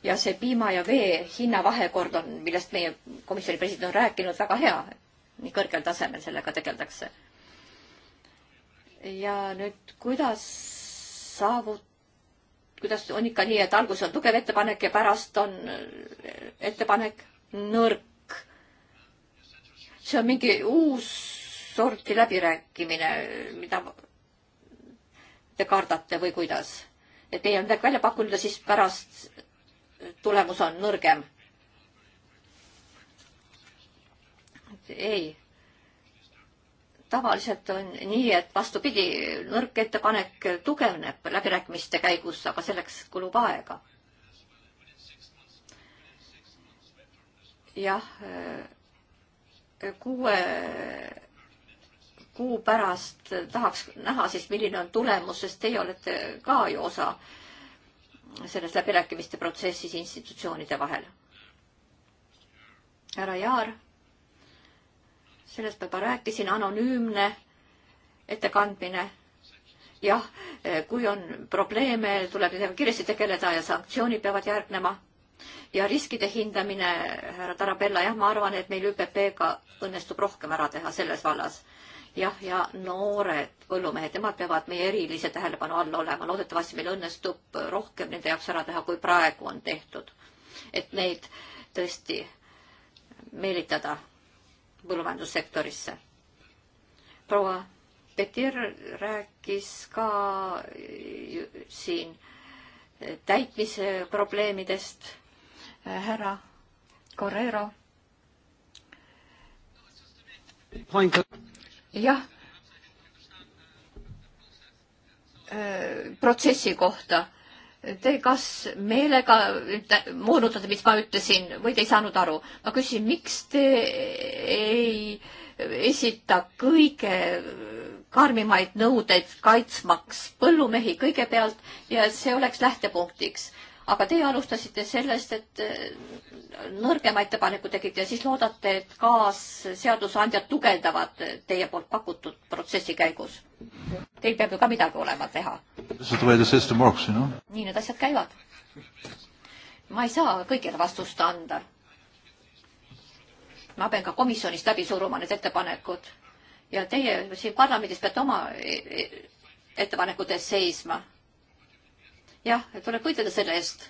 ja see piima ja vee hinnavahekord on, millest meie komisjoni president on rääkinud, väga hea. nii kõrgel tasemel sellega tegeldakse. ja nüüd, kuidas saavutada kuidas on ikka nii, et alguses on tugev ettepanek ja pärast on äh, ettepanek nõrk. see on mingi uus sorti läbirääkimine, mida te kardate või kuidas? et teie on midagi välja pakkunud ja siis pärast tulemus on nõrgem. ei tavaliselt on nii, et vastupidi, nõrk ettepanek tugevneb läbirääkimiste käigus, aga selleks kulub aega. jah, kuue kuu pärast tahaks näha siis, milline on tulemus, sest teie olete ka ju osa selles läbirääkimiste protsessis institutsioonide vahel. härra Jaar sellest ma juba rääkisin, anonüümne ettekandmine. jah, kui on probleeme, tuleb nendega kiiresti tegeleda ja sanktsioonid peavad järgnema. ja riskide hindamine, härra Tarabella, jah, ma arvan, et meil ÜPP-ga õnnestub rohkem ära teha selles vallas. jah, ja noored põllumehed, nemad peavad meie erilise tähelepanu all olema, loodetavasti meil õnnestub rohkem nende jaoks ära teha, kui praegu on tehtud. et neid tõesti meelitada põllumajandussektorisse. proua Petir rääkis ka siin täitmise probleemidest. härra Correro. jah. Äh, protsessi kohta Te kas meelega moonutate, mis ma ütlesin või te ei saanud aru? ma küsin, miks te ei esita kõige karmimaid nõudeid kaitsmaks põllumehi kõigepealt ja see oleks lähtepunktiks aga teie alustasite sellest, et eh, nõrgema ettepaneku tegite ja siis loodate, et kaasseadusandjad tugevdavad eh, teie poolt pakutud protsessi käigus. Teil peab ju ka midagi olema teha. You know? nii need asjad käivad. ma ei saa kõigile vastust anda. ma pean ka komisjonist läbi suruma need ettepanekud ja teie siin parlamendis peate oma eh, ettepanekutes seisma jah, tuleb võidelda selle eest.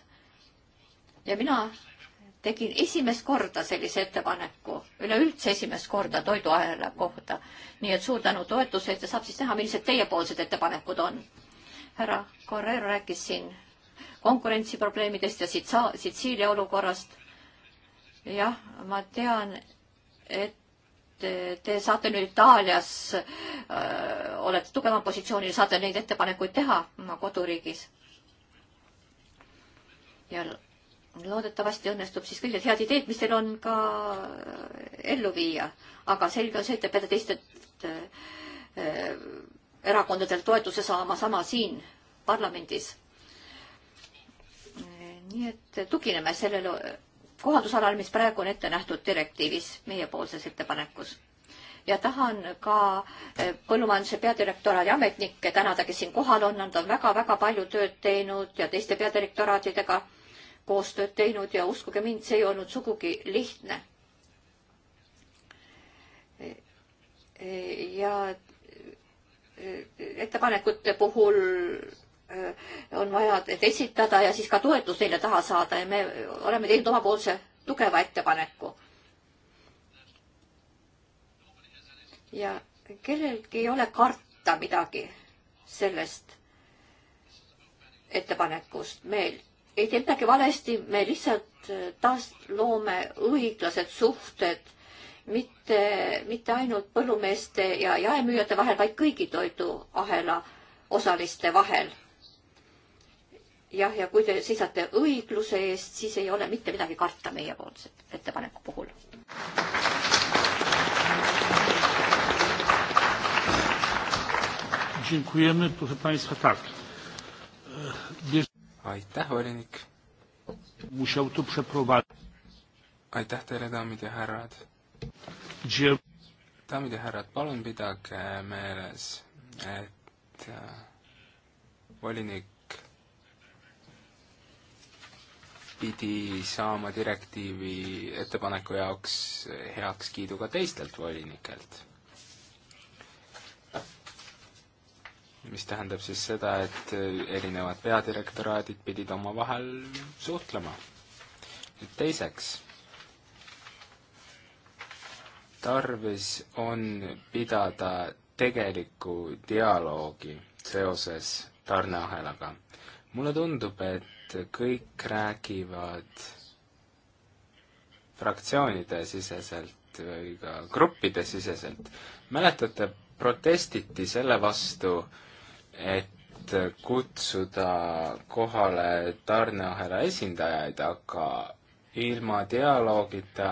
ja mina tegin esimest korda sellise ettepaneku, üleüldse esimest korda toiduahela kohta. nii et suur tänu toetuse eest ja saab siis näha, millised teiepoolsed ettepanekud on. härra Correro rääkis siin konkurentsiprobleemidest ja Sitsa-, Sitsiilia olukorrast. jah, ma tean, et te saate nüüd Itaalias, äh, olete tugeval positsioonil, saate neid ettepanekuid teha oma koduriigis ja loodetavasti õnnestub siis kõik need head ideed, mis teil on ka ellu viia. aga selge on see, et te peate teistelt äh, erakondadelt toetuse saama, sama siin parlamendis. nii et tugineme sellele kohaldusalal, mis praegu on ette nähtud direktiivis, meiepoolses ettepanekus. ja tahan ka äh, põllumajanduse peadirektoraadi ametnikke tänada, kes siin kohal on, nad on väga-väga palju tööd teinud ja teiste peadirektoraatidega koostööd teinud ja uskuge mind, see ei olnud sugugi lihtne. ja ettepanekute puhul äh, on vaja esitada ja siis ka toetus neile taha saada ja me oleme teinud omapoolse tugeva ettepaneku. ja kellelgi ei ole karta midagi sellest ettepanekust meil ei tee midagi valesti, me lihtsalt äh, taasloome õiglased suhted mitte, mitte ainult põllumeeste ja jaemüüjate vahel, vaid kõigi toiduahela osaliste vahel. jah, ja kui te seisate õigluse eest, siis ei ole mitte midagi karta meiepoolse ettepaneku puhul. Dziękujemy, proszę Państwa, tak aitäh, volinik! aitäh teile, daamid ja härrad! daamid ja härrad, palun pidage meeles, et äh, volinik pidi saama direktiivi ettepaneku jaoks heakskiidu ka teistelt volinikelt mis tähendab siis seda, et äh, erinevad peadirektoraadid pidid omavahel suhtlema. nüüd teiseks, tarvis on pidada tegelikku dialoogi seoses tarneahelaga. mulle tundub, et kõik räägivad fraktsioonide siseselt või ka gruppide siseselt. mäletate, protestiti selle vastu, et kutsuda kohale tarneahela esindajaid, aga ilma dialoogita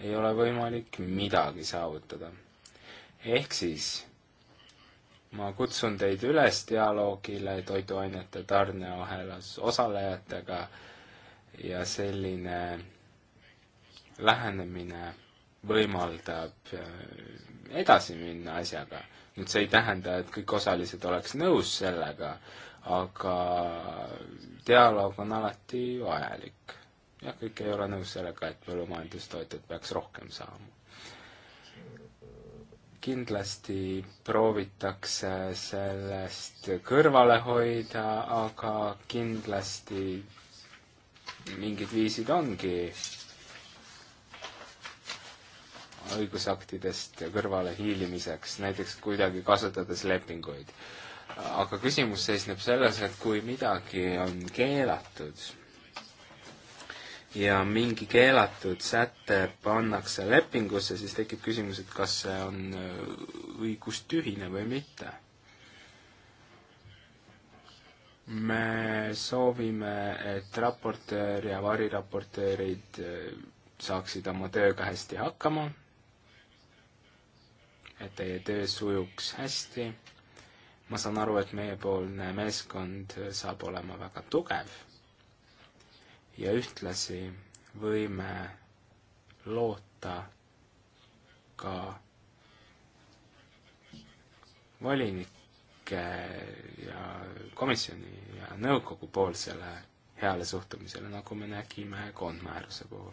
ei ole võimalik midagi saavutada. ehk siis ma kutsun teid üles dialoogile toiduainete tarneahelas osalejatega ja selline lähenemine võimaldab äh, edasi minna asjaga nüüd see ei tähenda, et kõik osalised oleks nõus sellega, aga dialoog on alati vajalik. jah, kõik ei ole nõus sellega, et põllumajandustootjad peaks rohkem saama. kindlasti proovitakse sellest kõrvale hoida, aga kindlasti mingid viisid ongi õigusaktidest kõrvalehiilimiseks, näiteks kuidagi kasutades lepinguid. aga küsimus seisneb selles, et kui midagi on keelatud ja mingi keelatud säte pannakse lepingusse, siis tekib küsimus, et kas see on äh, õigustühine või mitte. me soovime, et raportöör ja variraportöörid äh, saaksid oma tööga hästi hakkama et teie töö sujuks hästi. ma saan aru, et meiepoolne meeskond saab olema väga tugev ja ühtlasi võime loota ka volinike ja komisjoni ja nõukogu poolsele heale suhtumisele, nagu me nägime koondmääruse puhul.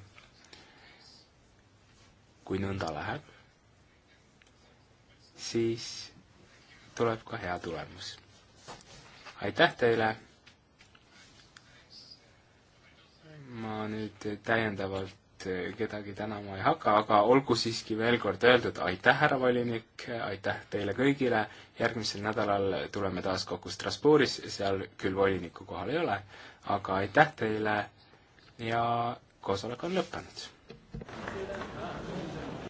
kui nõnda läheb siis tuleb ka hea tulemus. aitäh teile! ma nüüd täiendavalt kedagi tänama ei hakka, aga olgu siiski veel kord öeldud aitäh, härra volinik, aitäh teile kõigile, järgmisel nädalal tuleme taas kokku Strasbourgis, seal küll voliniku kohal ei ole, aga aitäh teile ja koosolek on lõppenud.